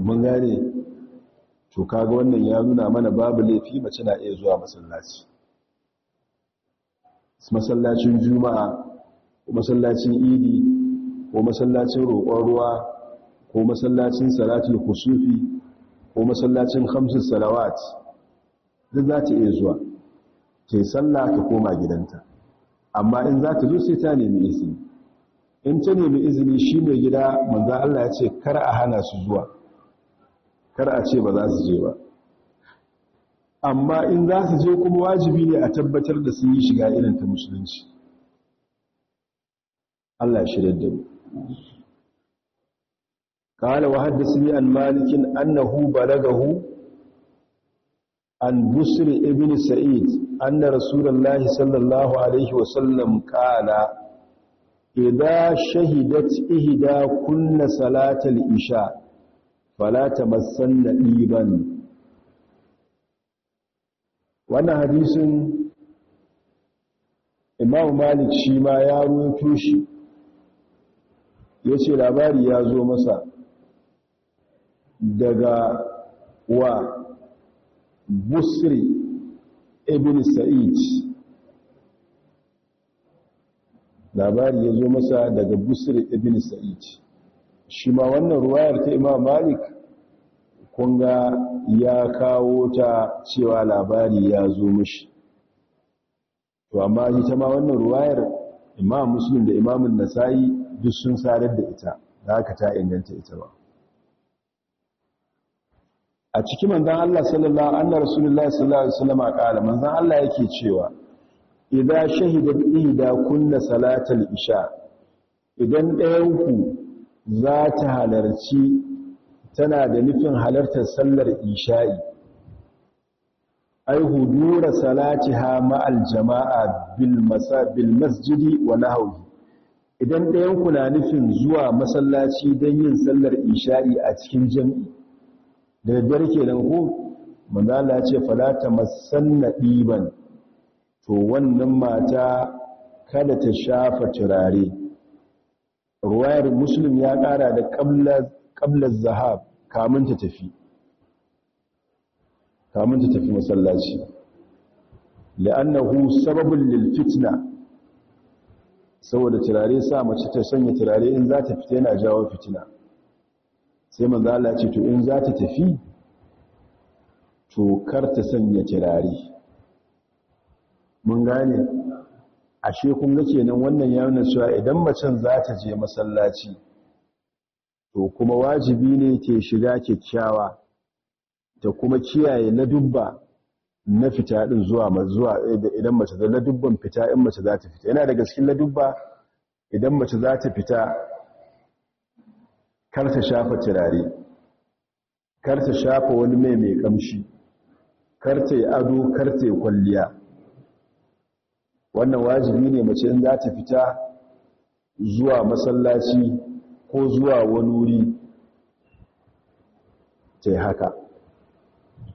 mun gane to kaga wannan ya nuna mana babu laifi mace na iya zuwa masallaci masallacin juma'a ko masallacin idi ko masallacin roƙon ruwa ko masallacin salatul kusufi ko masallacin khamsus salawat duk za ta iya zuwa ke sallah ta koma gidanta amma in za ta zo sai ta nemi izini in ta nemi izini shi mai gida manzo Allah ya ce kar a hana su zuwa kar a ce ba za su je ba amma in za su je kuma wajibi ne a tabbatar da sun yi shiga irin ta musulunci Allah shirya da mu kawai wa haddasi an malikin annahu balagahu an busri ibn sa'id anna rasulullah sallallahu alaihi wa sallam kala idan shahidat ihida kunna salatal isha naɗi ba ne. wannan hadisin Imam Malik shi ma ya ruwaito shi yace labari ya zo masa daga wa Busri ibn Sa'id labari ya zo masa daga Busri ibn Sa'id shi ma wannan ruwayar ta imam malik kunga ya kawo ta cewa labari ya zo mashi to amma ita ma wannan ruwayar imam muslim da imamun nasa'i duk sun sadar da ita da haka ta inganta ita ba a ciki manzan Allah sallallahu anna rasulullahi sallallahu alaihi wasallam qala manzan Allah yake cewa idza shahida da kunna salatal isha idan ɗayan ku za ta halarci tana da nufin halartar sallar isha'i ai hudura salatiha ma'al jama'a bil masabil masjidi wa nahwi idan ɗayan ku na nufin zuwa masallaci don yin sallar isha'i a cikin jami'i da daddare kenan ko manzala ce falata masanna to wannan mata kada ta shafa turare ruwayar muslim ya ƙara da ƙablar zahab kamun ta tafi kamun ta tafi masallaci la'annahu sababin lilfitna saboda turare sa mace ta sanya turare in za ta fita yana jawo fitina sai manzo Allah ce to in za ta tafi to kar ta sanya turare mun gane ashe kun ga kenan wannan ya nuna cewa idan macen za ta je masallaci to kuma wajibi ne ke shiga kyakkyawa ta kuma kiyaye na dubba na fita din zuwa zuwa idan mace da na dubban fita in mace za ta fita yana da cikin na dubba idan mace za ta fita kar ta shafa turare kar ta shafa wani mai mai kamshi kar ta yi ado kar ta yi kwalliya wannan wajibi ne mace in za ta fita zuwa masallaci ko zuwa wani wuri ta haka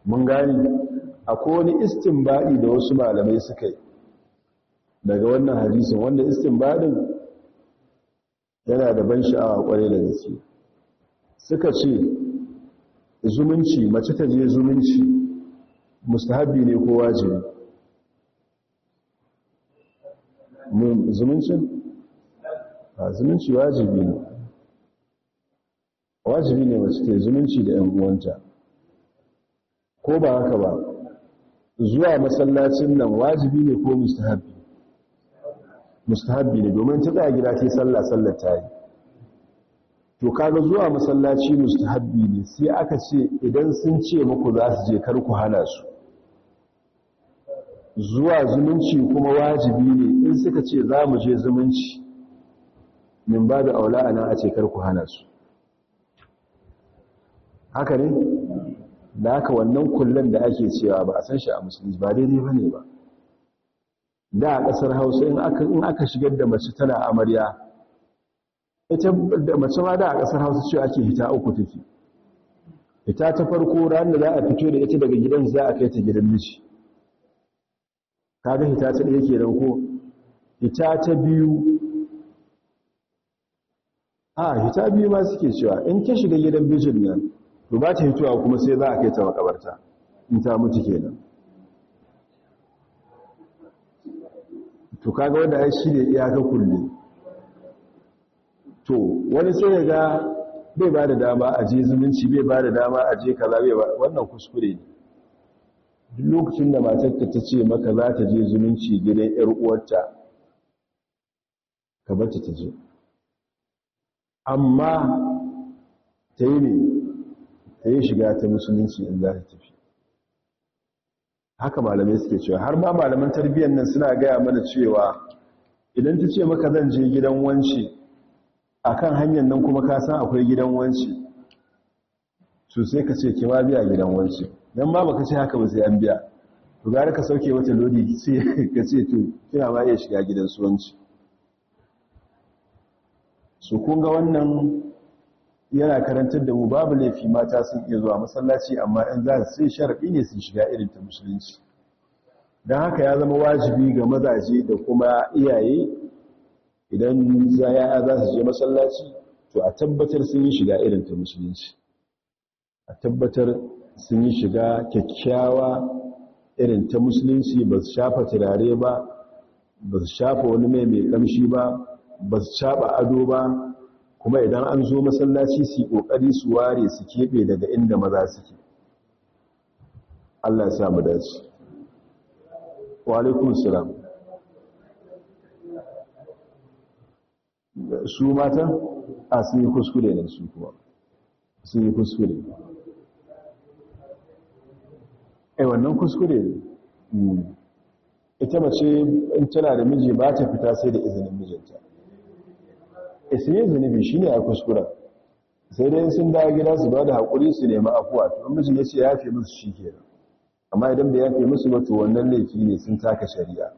mun gani akwai wani istinbadi da wasu malamai suka yi daga wannan hadisin wanda istinbadin yana da ban sha'awa kwarai da gaske suka ce zumunci mace ta je zumunci mustahabi ne ko wajibi zumuncin a zumunci wajibi ne wajibi ne mace ta zumunci da ‘yan uwanta ko ba haka ba zuwa masallacin nan wajibi ne ko mustahabi mustahabi ne domin ta tsaya gida ta sallah sallar ta yi to kaga zuwa masallaci mustahabi ne sai aka ce idan sun ce muku za su je kar ku hana su zuwa zumunci kuma wajibi ne in suka ce za mu je zumunci min ba da aula a nan a ce karku hana su haka ne da haka wannan kullum da ake cewa ba a san shi a musulunci ba daidai ba ne ba da a ƙasar hausa in aka shigar da mace tana amarya ita da mace ma da a ƙasar hausa ce ake hita uku take hita ta farko ranar da za a fito da ita daga gidan za a kai ta gidan miji kaga hita ta da yake ko? hita ta biyu a hita biyu ma suke cewa in ka shiga gidan bijin nan to ba ta hitowa kuma sai za a kai ta makabarta in ta mutu kenan to kaga wanda ai shi ne iyaka kulle to wani sai ga bai ba da dama a je zumunci bai ba da dama a je kaza bai ba wannan kuskure ne lokacin da matar ta ce maka za ta je zumunci gidan 'yar uwarta ka barci ta je amma ta yi ne ta yi shiga ta musulunci in za ta tafi haka malamai suke cewa har ma malaman tarbiyyar nan suna gaya mana cewa idan ta ce maka zan je gidan wanci a kan hanyar nan kuma ka san akwai gidan wanci su sai ka ce kima biya gidan wanci don ma baka ce haka ba sai an biya to gari ka sauke wata lodi ka ce to kina ma iya shiga gidan suwanci su kun wannan yana karantar da mu babu laifi mata sun iya zuwa masallaci amma in za su sai sharaɗi ne su shiga irin ta musulunci don haka ya zama wajibi ga mazaje da kuma iyaye idan yaya za su je masallaci to a tabbatar sun yi shiga irin ta musulunci a tabbatar sun yi shiga kyakkyawa irin ta musulunci ba su shafa turare ba ba su shafa wani mai mai kamshi ba ba su caɓa ado ba kuma idan an zo masallaci su yi ƙoƙari su ware su keɓe daga inda maza suke allah ya mu dace walaikun salam su mata a sun yi kuskure ne su kuma sun yi kuskure ai eh, wannan kuskure ne hmm. ita mace in tana da miji ba ta fita sai da izinin mijinta isi yin zunubi shine a kuskura sai dai sun da gida su ba da haƙuri su nemi afuwa to mace ya ce ya fi musu shi ke amma idan da yafe fi musu mace wannan laifi ne sun taka shari'a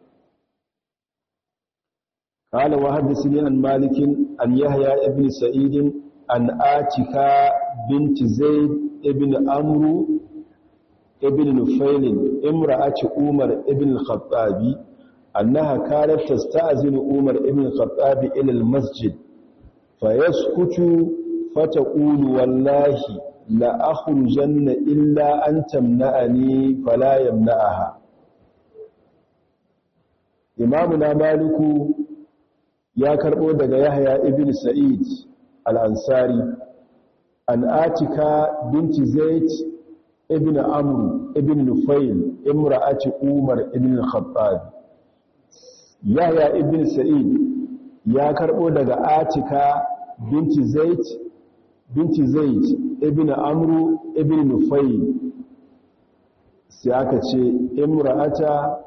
kala wa hadda su an malikin an yahya ibn sa'idin an atika binti zaid ibn amru ibn nufailin imra umar ibn khattabi annaha kalar ta sta'azin umar ibn khattabi ilal masjid fayaskutu ƙulu wallahi la janna, illa an tamna'ani fala yamna'aha imamu na maliku ya karɓo daga yahya ibn sa'id al-ansari an atika binti zaid ibn amr ibn nufail imra'ati umar ibn khattab yahya ibn sa'id ya karbo daga atika binti zaid binti zaid ibn amru ibn nufay sai aka ce imra'ata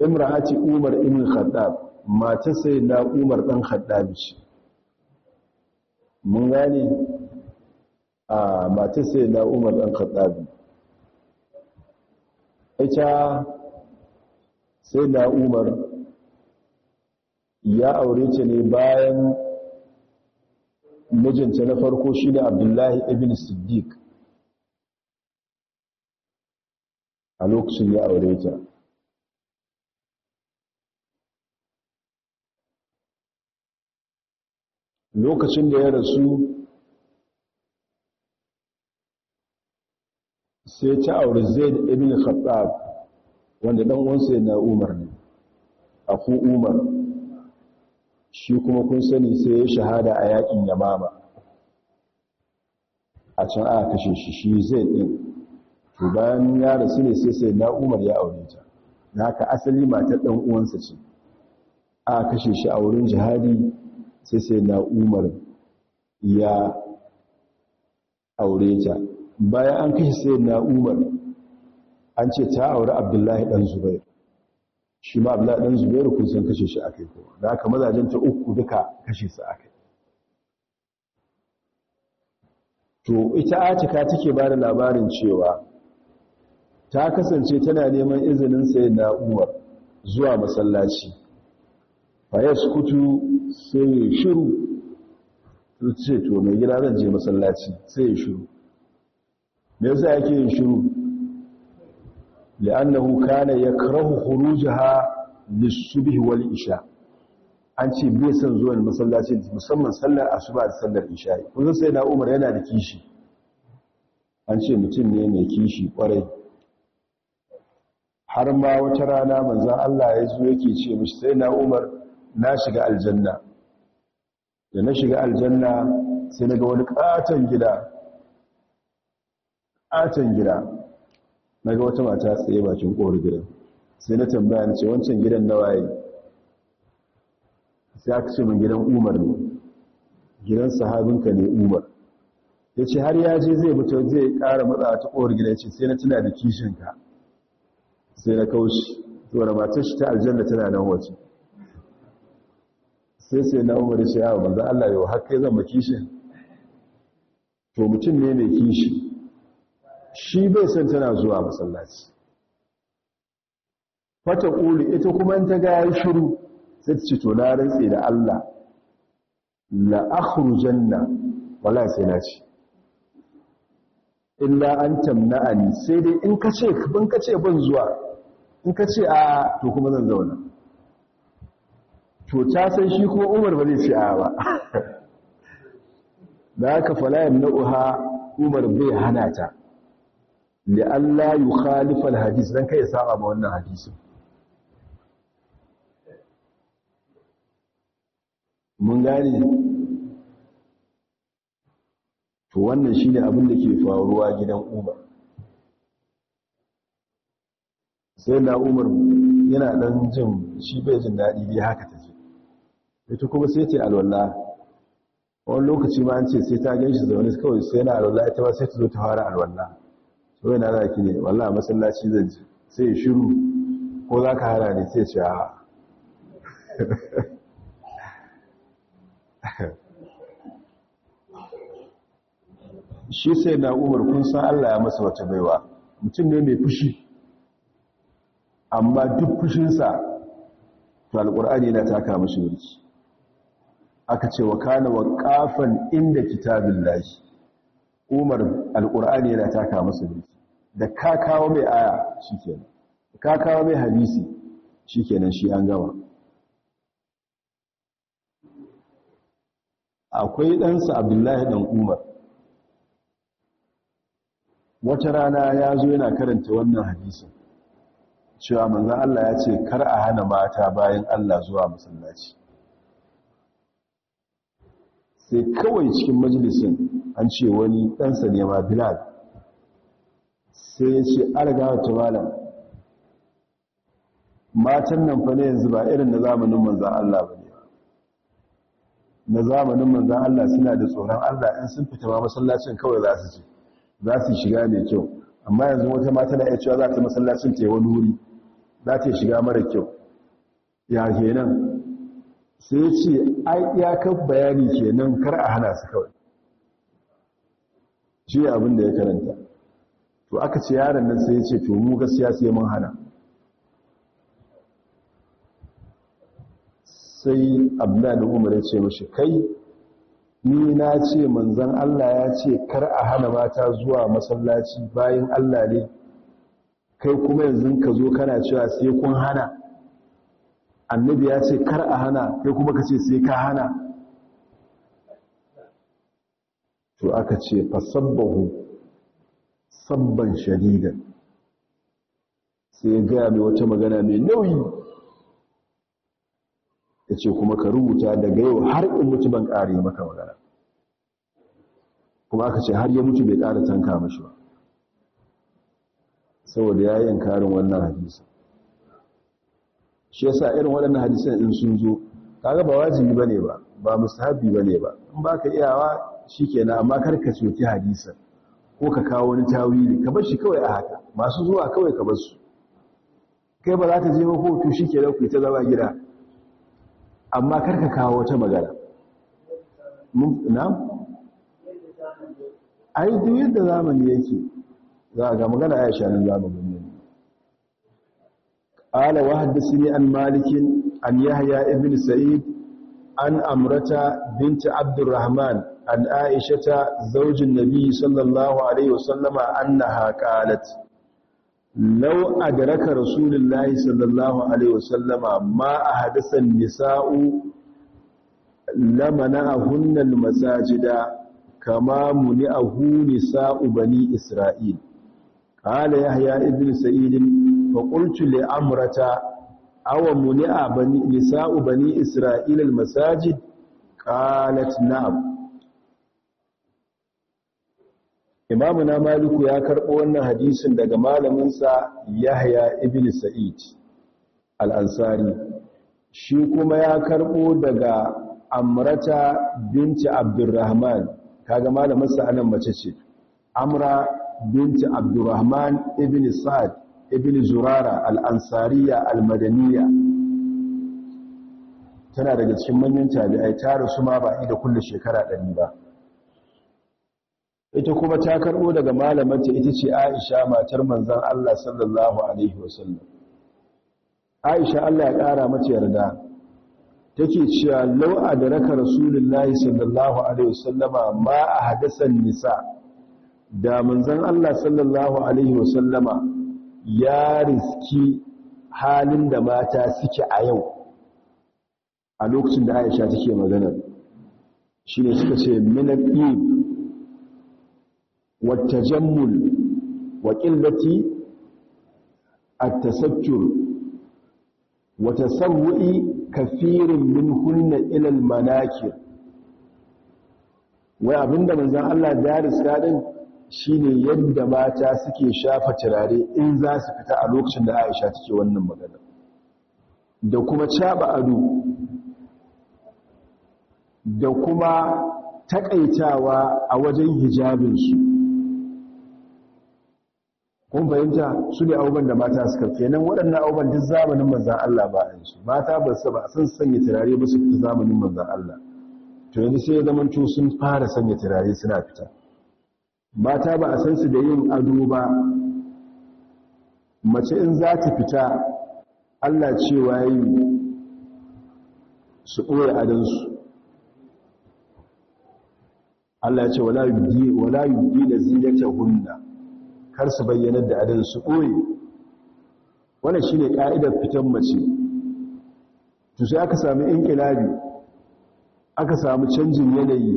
imra'ati umar ibn khattab mata sai na umar dan khattab shi mun gane a mata sai na umar dan khattab ita sai na umar ya aure ta ne bayan mijinta na farko shi ne abdullahi ibn siddiq a lokacin ya aure ta lokacin da ya rasu sai ta aure zaid ibn khattab wanda dan uwansa na umar ne aku umar shi kuma kun sani sai ya shahada a yakin yamama a can aka kashe shi shi zai din to bayan ya rasu ne sai sai na umar ya aure ta da haka asali matar ɗan uwansa ce a kashe shi a wurin jihadi sai sai na umar ya aure ta bayan an kashe sai na umar an ce ta aure abdullahi ɗan zubair shi ma abu ɗan zubairu kun san kashe shi kai? kuma da aka mazajen ta uku duka kashe su akai to ita atika take ba da labarin cewa ta kasance tana neman izinin sai na umar zuwa masallaci faya kutu sai ya shiru ce to mai gida zan je masallaci sai ya shiru me yasa yake yin shiru li'annahu kana yakrahu khurujaha lis-subh isha an ce bai san zuwa masallaci musamman sallar asuba da sallar isha kun sai na Umar yana da kishi an ce mutum ne mai kishi kwarai har ma wata rana manzon Allah ya zo yake ce mishi sai na Umar na shiga aljanna da na shiga aljanna sai na ga wani katon gida katon gida na ga wata mata tsaye bakin kowar gidan sai na tambaya ni ce wancan gidan na waye sai aka ce min gidan umar ne gidan sahabinka ne umar ya ce har ya je zai mutu zai ƙara matsa ta kowar gidan ce sai na tuna da kishinka sai na kaushi saboda matar shi ta aljanna tana nan wace sai sai na umar shi ya za Allah yau har kai zan ba kishin? to mutum ne mai kishi shi bai san tana zuwa masallaci fata ƙuli ita kuma ta ga ya shiru sai ta ce to na rantse da Allah la akhrujanna wala sai na ci illa an tamna'ani sai dai in kace ban kace ban zuwa in kace a to kuma zan zauna to ta san shi kuma Umar ba zai ci a ba da haka fala Uha Umar bai hana ta da Allah yi khalifar hadis don kai saba ma wannan hadisun mun gane to wannan shi ne abin da ke faruwa gidan umar sai na umar yana ɗan jin shi bai jin daɗi dai haka take ita kuma sai ce alwala. wani lokaci ma an ce sai ta gan shi zaune kawai sai na alwala, ita ba sai ta zo ta fara alwallah so yana za ki ne wallah masallaci zai ji sai shiru ko za ka hana ne sai ya shi sai na umar kun san allah ya masa wata baiwa mutum ne mai fushi amma duk fushinsa to alƙur'ani yana taka mashi wuri aka ce wa kana wa inda kitabin lashi umar alƙur'ani yana taka masa birki da ka kawo mai aya shikenan ka kawo mai hadisi shi kenan shi an gama akwai ɗansa abdullahi ɗan umar wata rana ya zo yana karanta wannan hadisin cewa manzan Allah ya ce kar a hana mata bayan Allah zuwa masallaci sai kawai cikin majalisin an ce wani ɗansa ne ma bilal sai ya ce arga ta malam matan nan fa ne yanzu ba irin na zamanin manzan Allah ba na zamanin manzan Allah suna da tsoron Allah in sun fita ma masallacin kawai za su ce za su shiga mai kyau amma yanzu wata mata na iya cewa za ta masallacin ta yi wani wuri za ta shiga mara kyau ya kenan sai ce ai iyakar bayani kenan kar a hana su kawai shi abin da ya karanta to aka ce yaron nan sai ya ce to mu gaskiya sai mun hana sai abdullahi umar ya ce mashi kai ni na ce manzon Allah ya ce kar a hana mata zuwa masallaci bayan Allah ne kai kuma yanzu ka zo kana cewa sai kun hana annabi ya ce kar a hana kai kuma ka ce sai ka hana to aka ce fasabbahu sabban shadidan sai ya gaya mai wata magana mai nauyi ya ce kuma ka rubuta daga yau har in mutu ban ƙare maka magana kuma aka ce har ya mutu bai ƙara tanka mashi ba saboda ya yi karin wannan hadisa shi yasa irin waɗannan hadisan in sun zo kaga ba wajibi bane ba ba musahabi bane ba in baka iyawa na, amma kar ka soki hadisin ko ka kawo wani tawili ka bar shi kawai a haka masu zuwa kawai ka bar su kai ba za ta je ko to da ku ta zama gida amma kar ka kawo wata magana mun na ai duk yadda zamani yake za ga magana Aisha nan zamanin ne wa وحدثني عن an malikin an yahya Ibn sa'id An-Amrata, Binta, Abdulrahman. an ta zaujin nabi sallallahu alaihi wasallama annaha qalat law adraka rasulullahi sallallahu alaihi wasallama ma ahadathan nisa'u lamana'ahunna almasajida kama muni'ahu nisa'u bani isra'il qala yahya ibn sa'id fa qultu li amrata aw muni'a bani nisa'u bani isra'il almasajid qalat na'am imamu na maliku ya karɓo wannan hadisin daga malaminsa yahya ibn sa'id al'ansari shi kuma ya karɓo daga amrata binti abdurrahman kaga malaminsa anan mace ce amra binti abdurrahman ibn sa'ad ibn zurara al'ansariya al-madaniya tana daga cikin manyan tabi'ai ta rasu ma ba da kulle shekara ɗari ba ita kuma ta karbo daga malamanta ita ce Aisha matar manzon Allah sallallahu alaihi wasallam Aisha Allah ya kara mata yarda take cewa law adraka rasulullahi sallallahu alaihi wasallama ma ahdasan nisa da manzon Allah sallallahu alaihi wasallama ya riski halin da mata suke a yau a lokacin da Aisha take magana shine suka ce minaqib والتجمل وقلة التسكر وتسوء كثير منهن إلى المناكر wai abinda manzan Allah daris gadin shine yadda mata suke shafa turare in za su fita a lokacin da Aisha take wannan magana da kuma caba ado da kuma takaitawa a wajen hijabinsu kun fahimta su ne abubuwan da mata suka nan waɗannan abubuwan duk zamanin manzan Allah ba a su mata ba su ba sun sanya turare ba su fi zamanin manzan Allah to yanzu sai zaman to sun fara sanya turare suna fita mata ba a san su da yin ado ba mace in za ta fita Allah cewa yi su ɓoye adansu Allah ya ce wala yubdi wala yubdi da zinata hunna har su bayyanar da adan su ɓoye wannan shi ne ƙa'idar fitan mace to sai aka sami inkilabi aka samu canjin yanayi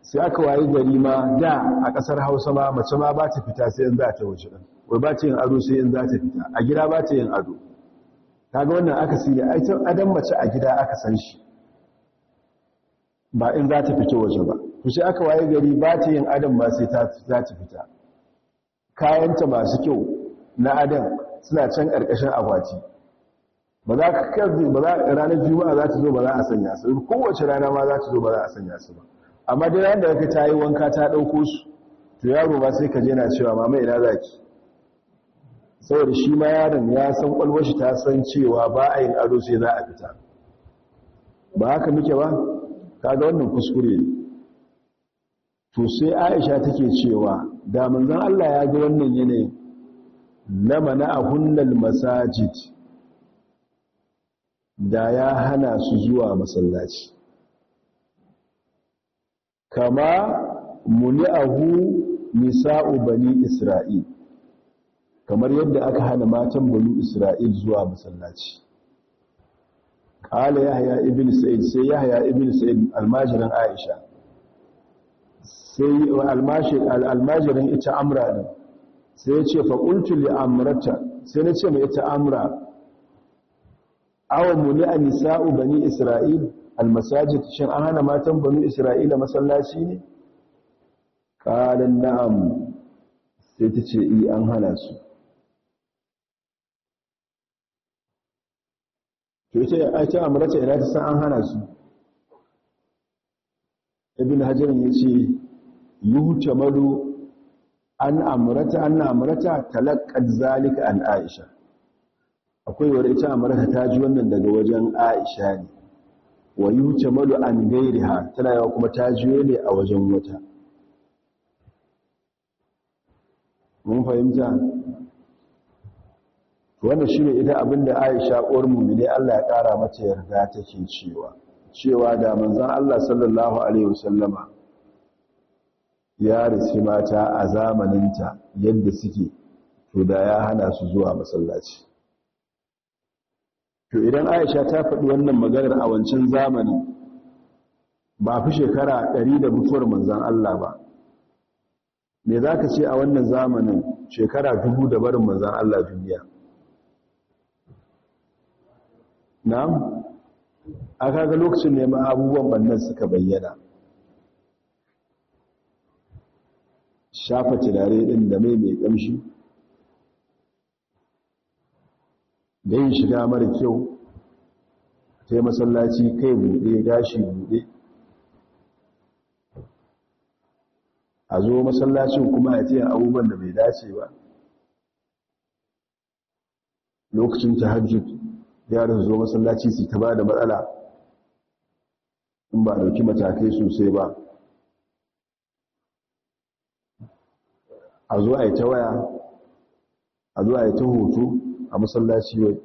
sai aka waye gari ma da a ƙasar hausa ma mace ma ba ta fita sai in za ta waje ɗan wai ba ta yin ado sai in za ta fita a gida ba ta yin ado ta ga wannan aka siya aikin adon mace a gida aka san shi ba in za ta fita waje ba to sai aka waye gari ba ta yin adon ma sai za ta fita kayanta masu kyau na adam suna can ƙarƙashin akwati ba za ka karfi ba za a ranar juma'a za ta zo ba za a sanya su kowace rana ma za ta zo ba za a sanya su ba amma dai yadda da ka ta yi wanka ta ɗauko su to yaro ba sai ka je na cewa mama ina za ki saboda shi ma yaron ya san ƙwalwashi ta san cewa ba a yin ado sai za a fita ba haka muke ba ga wannan kuskure to sai aisha take cewa da manzon Allah ya ga wannan yanayin a ahunnal masajid da ya hana su zuwa masallaci kama muni'ahu nisa'u bani isra'il kamar yadda aka hana matan bani isra'il zuwa masallaci qala yahya ibn sa'id sai yahya ibn sa'id almajiran aisha sai almajirin ita amra ne sai ya ce faƙultu li amrata sai na ce mai ita amra awon muni a nisa'u bani isra'il almasajid shin an hana matan bani isra'ila masallaci ne ƙalin na'am sai ta ce yi an hana su to ita ake amurata ina ta san an hana su Ibin hajjarin ya ce yutamalu an amrata an amrata talaqqat zalika an aisha akwai wani ita amrata ta ji wannan daga wajen aisha ne wa yutamalu an gairiha tana yawa kuma ta ji ne a wajen wata mun fahimta wannan shine ita abinda aisha uwar mu'mini Allah ya kara mata yarda take cewa cewa da manzon Allah sallallahu alaihi wasallama ya riski mata a zamaninta yadda suke to da ya hana su zuwa masallaci to idan aisha ta faɗi wannan maganar a wancan zamani ba fi shekara ɗari da mutuwar manzan Allah ba me za ka ce a wannan zamanin shekara dubu da barin manzan Allah duniya nam aka ga lokacin neman abubuwan bannan suka bayyana shafa turare ɗin da mai mai ƙamshi da yin shiga mara kyau ta yi masallaci kai buɗe gashi buɗe a zo masallacin kuma a tiyan abubuwan da bai dace ba lokacin ta hajjid yaran zo masallaci su ta ba da matsala in ba dauki matakai sosai ba a zo a yi ta waya a zo a yi ta hoto a masallaci wai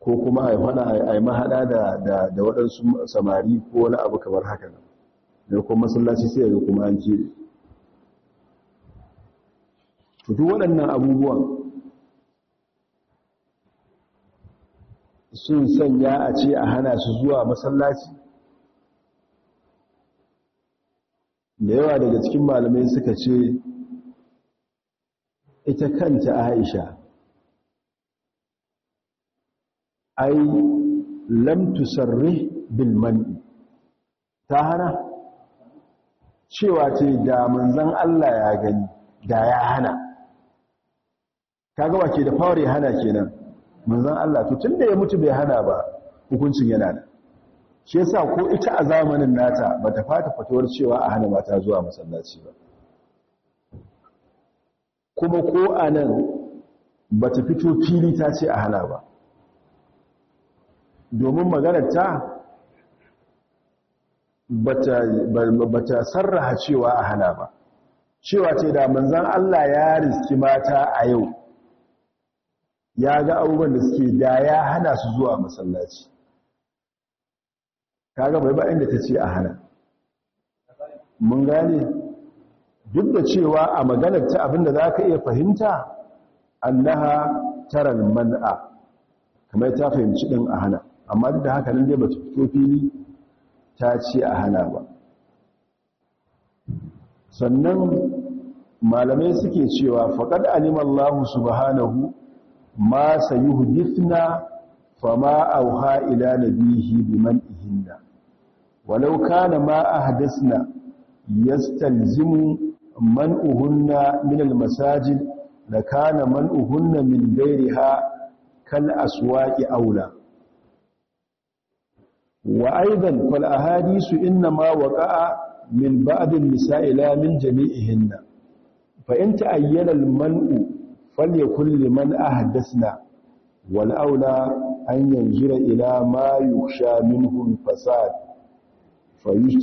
ko kuma a yi fada a yi mahaɗa da waɗansu samari ko wani abu kamar haka nan da kuma masallaci sai ya kuma an ce duk waɗannan abubuwan sun sanya a ce a hana su zuwa masallaci da yawa daga cikin malamai suka ce ita kanta aisha ai lam tusarri bil ta hana cewa ce da manzan Allah ya gani da ya hana kaga wace da fawar ya hana kenan manzan Allah to tunda ya mutu bai hana ba hukuncin yana da shi yasa ko ita a zamanin nata bata fata fatuwar cewa a hana mata zuwa masallaci ba kuma ko a nan bata fito fili ta ce a hana ba domin maganar ta bata sarraha cewa a hana ba cewa ce da manzan Allah ya riski mata a yau ya ga abubuwan da suke da ya hana su zuwa masallaci kaga bai ba inda ta ce a hana mun gane duk da cewa a maganar ta abinda za ka iya fahimta annaha taran man'a kamar ta fahimci ɗin a hana amma duk da haka nan dai ba ta fito fili ta ce a hana ba sannan malamai suke cewa faƙad alimallahu subhanahu ma sayuhdithna fama auha ila nabihi biman ihinna ولو كان ما أحدثنا يستلزم منؤهن من المساجد لكان منؤهن من غيرها كالأسواق أولى وأيضا فالأحاديث إنما وقع من بعض النساء لا من جميعهن فإن تأيّل المنء فليكن لمن أحدثنا والأولى أن ينزل إلى ما يخشى منه الفساد fa ni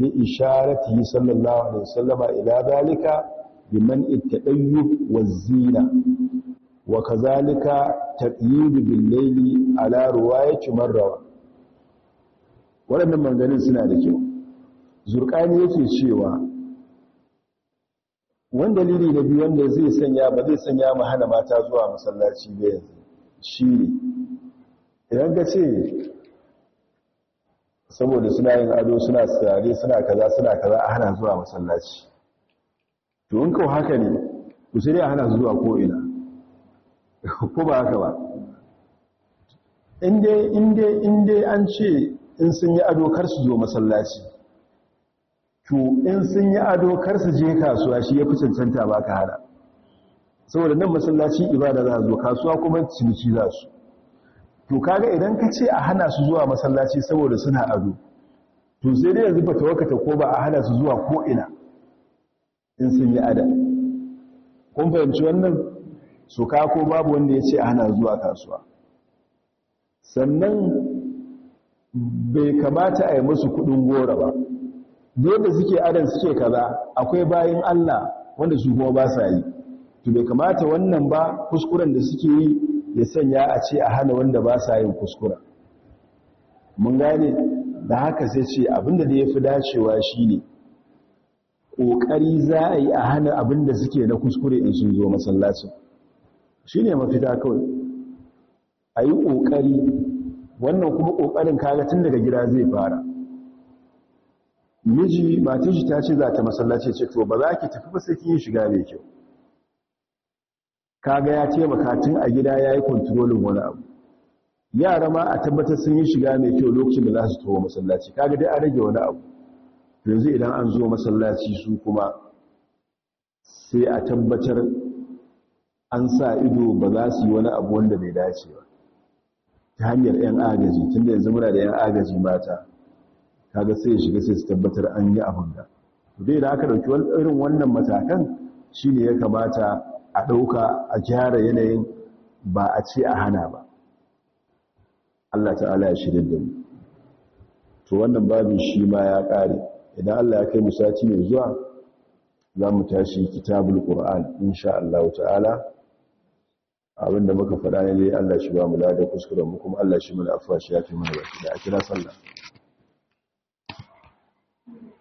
li isharatihi sallallahu alaihi wasallama ila zalika biman ittadayyub wazina wa kazalika taqyid bil layli ala riwayati marra waɗannan manganin suna da kyau zurkani yake cewa wani dalili na biyu wanda zai sanya ba zai sanya mu hana mata zuwa masallaci ba yanzu shi idan ka ce saboda suna yin ado suna tsare suna kaza suna kaza a hana zuwa masallaci to in kawo haka ne ku sai dai a hana zuwa ko'ina ko ba haka ba inda an ce in sun yi ado kar su zo masallaci to in sun yi ado kar su je kasuwa shi ya fi cancanta ba ka hana saboda nan masallaci ibada za zo kasuwa kuma ciniki za su to kaga idan ka ce a hana su zuwa masallaci saboda suna ado to sai dai yanzu ba ta wakata ko ba a hana su zuwa ko ina in sun yi ada kun fahimci wannan su ka ko babu wanda ya ce a hana zuwa kasuwa sannan bai kamata a yi musu kudin gora ba yadda suke adan suke kaza akwai bayan Allah wanda su kuma ba sa yi to bai kamata wannan ba kuskuren da suke yi ya sanya a ce a hana wanda ba sa yin kuskura mun gane da haka sai ce abinda da ya fi dacewa shi ne ƙoƙari za a yi a hana abinda suke na kuskure in sun zo masallacin shi ne mafita kawai a yi ƙoƙari wannan kuma ƙoƙarin kaga daga gida zai fara miji matashi ta ce za ta masallaci ce to ba za ki tafi ba sai kin shiga mai kyau kaga ya ce makatun a gida ya yi kontrolin wani abu yara ma a tabbatar sun yi shiga mai kyau lokacin da za su towa masallaci kaga dai an rage wani abu yanzu idan an zo masallaci su kuma sai a tabbatar an sa ido ba za su yi wani abu wanda bai dace ba ta hanyar 'yan agaji tunda yanzu muna da 'yan agaji mata kaga sai ya shiga sai su tabbatar an yi abun da dai da aka ɗauki irin wannan matakan shi ne ya kamata a ɗauka a gyara yanayin ba a ce a hana ba Allah ta'ala ya shirin da mu to wannan babin shi ma ya ƙare idan Allah ya kai mu sati mai zuwa za mu tashi kitabul qur'an insha Allah ta'ala abinda muka faɗa ne Allah shi ba mu lada kuskuren mu kuma Allah shi mu afuwa shi yafi mana da a kira sallah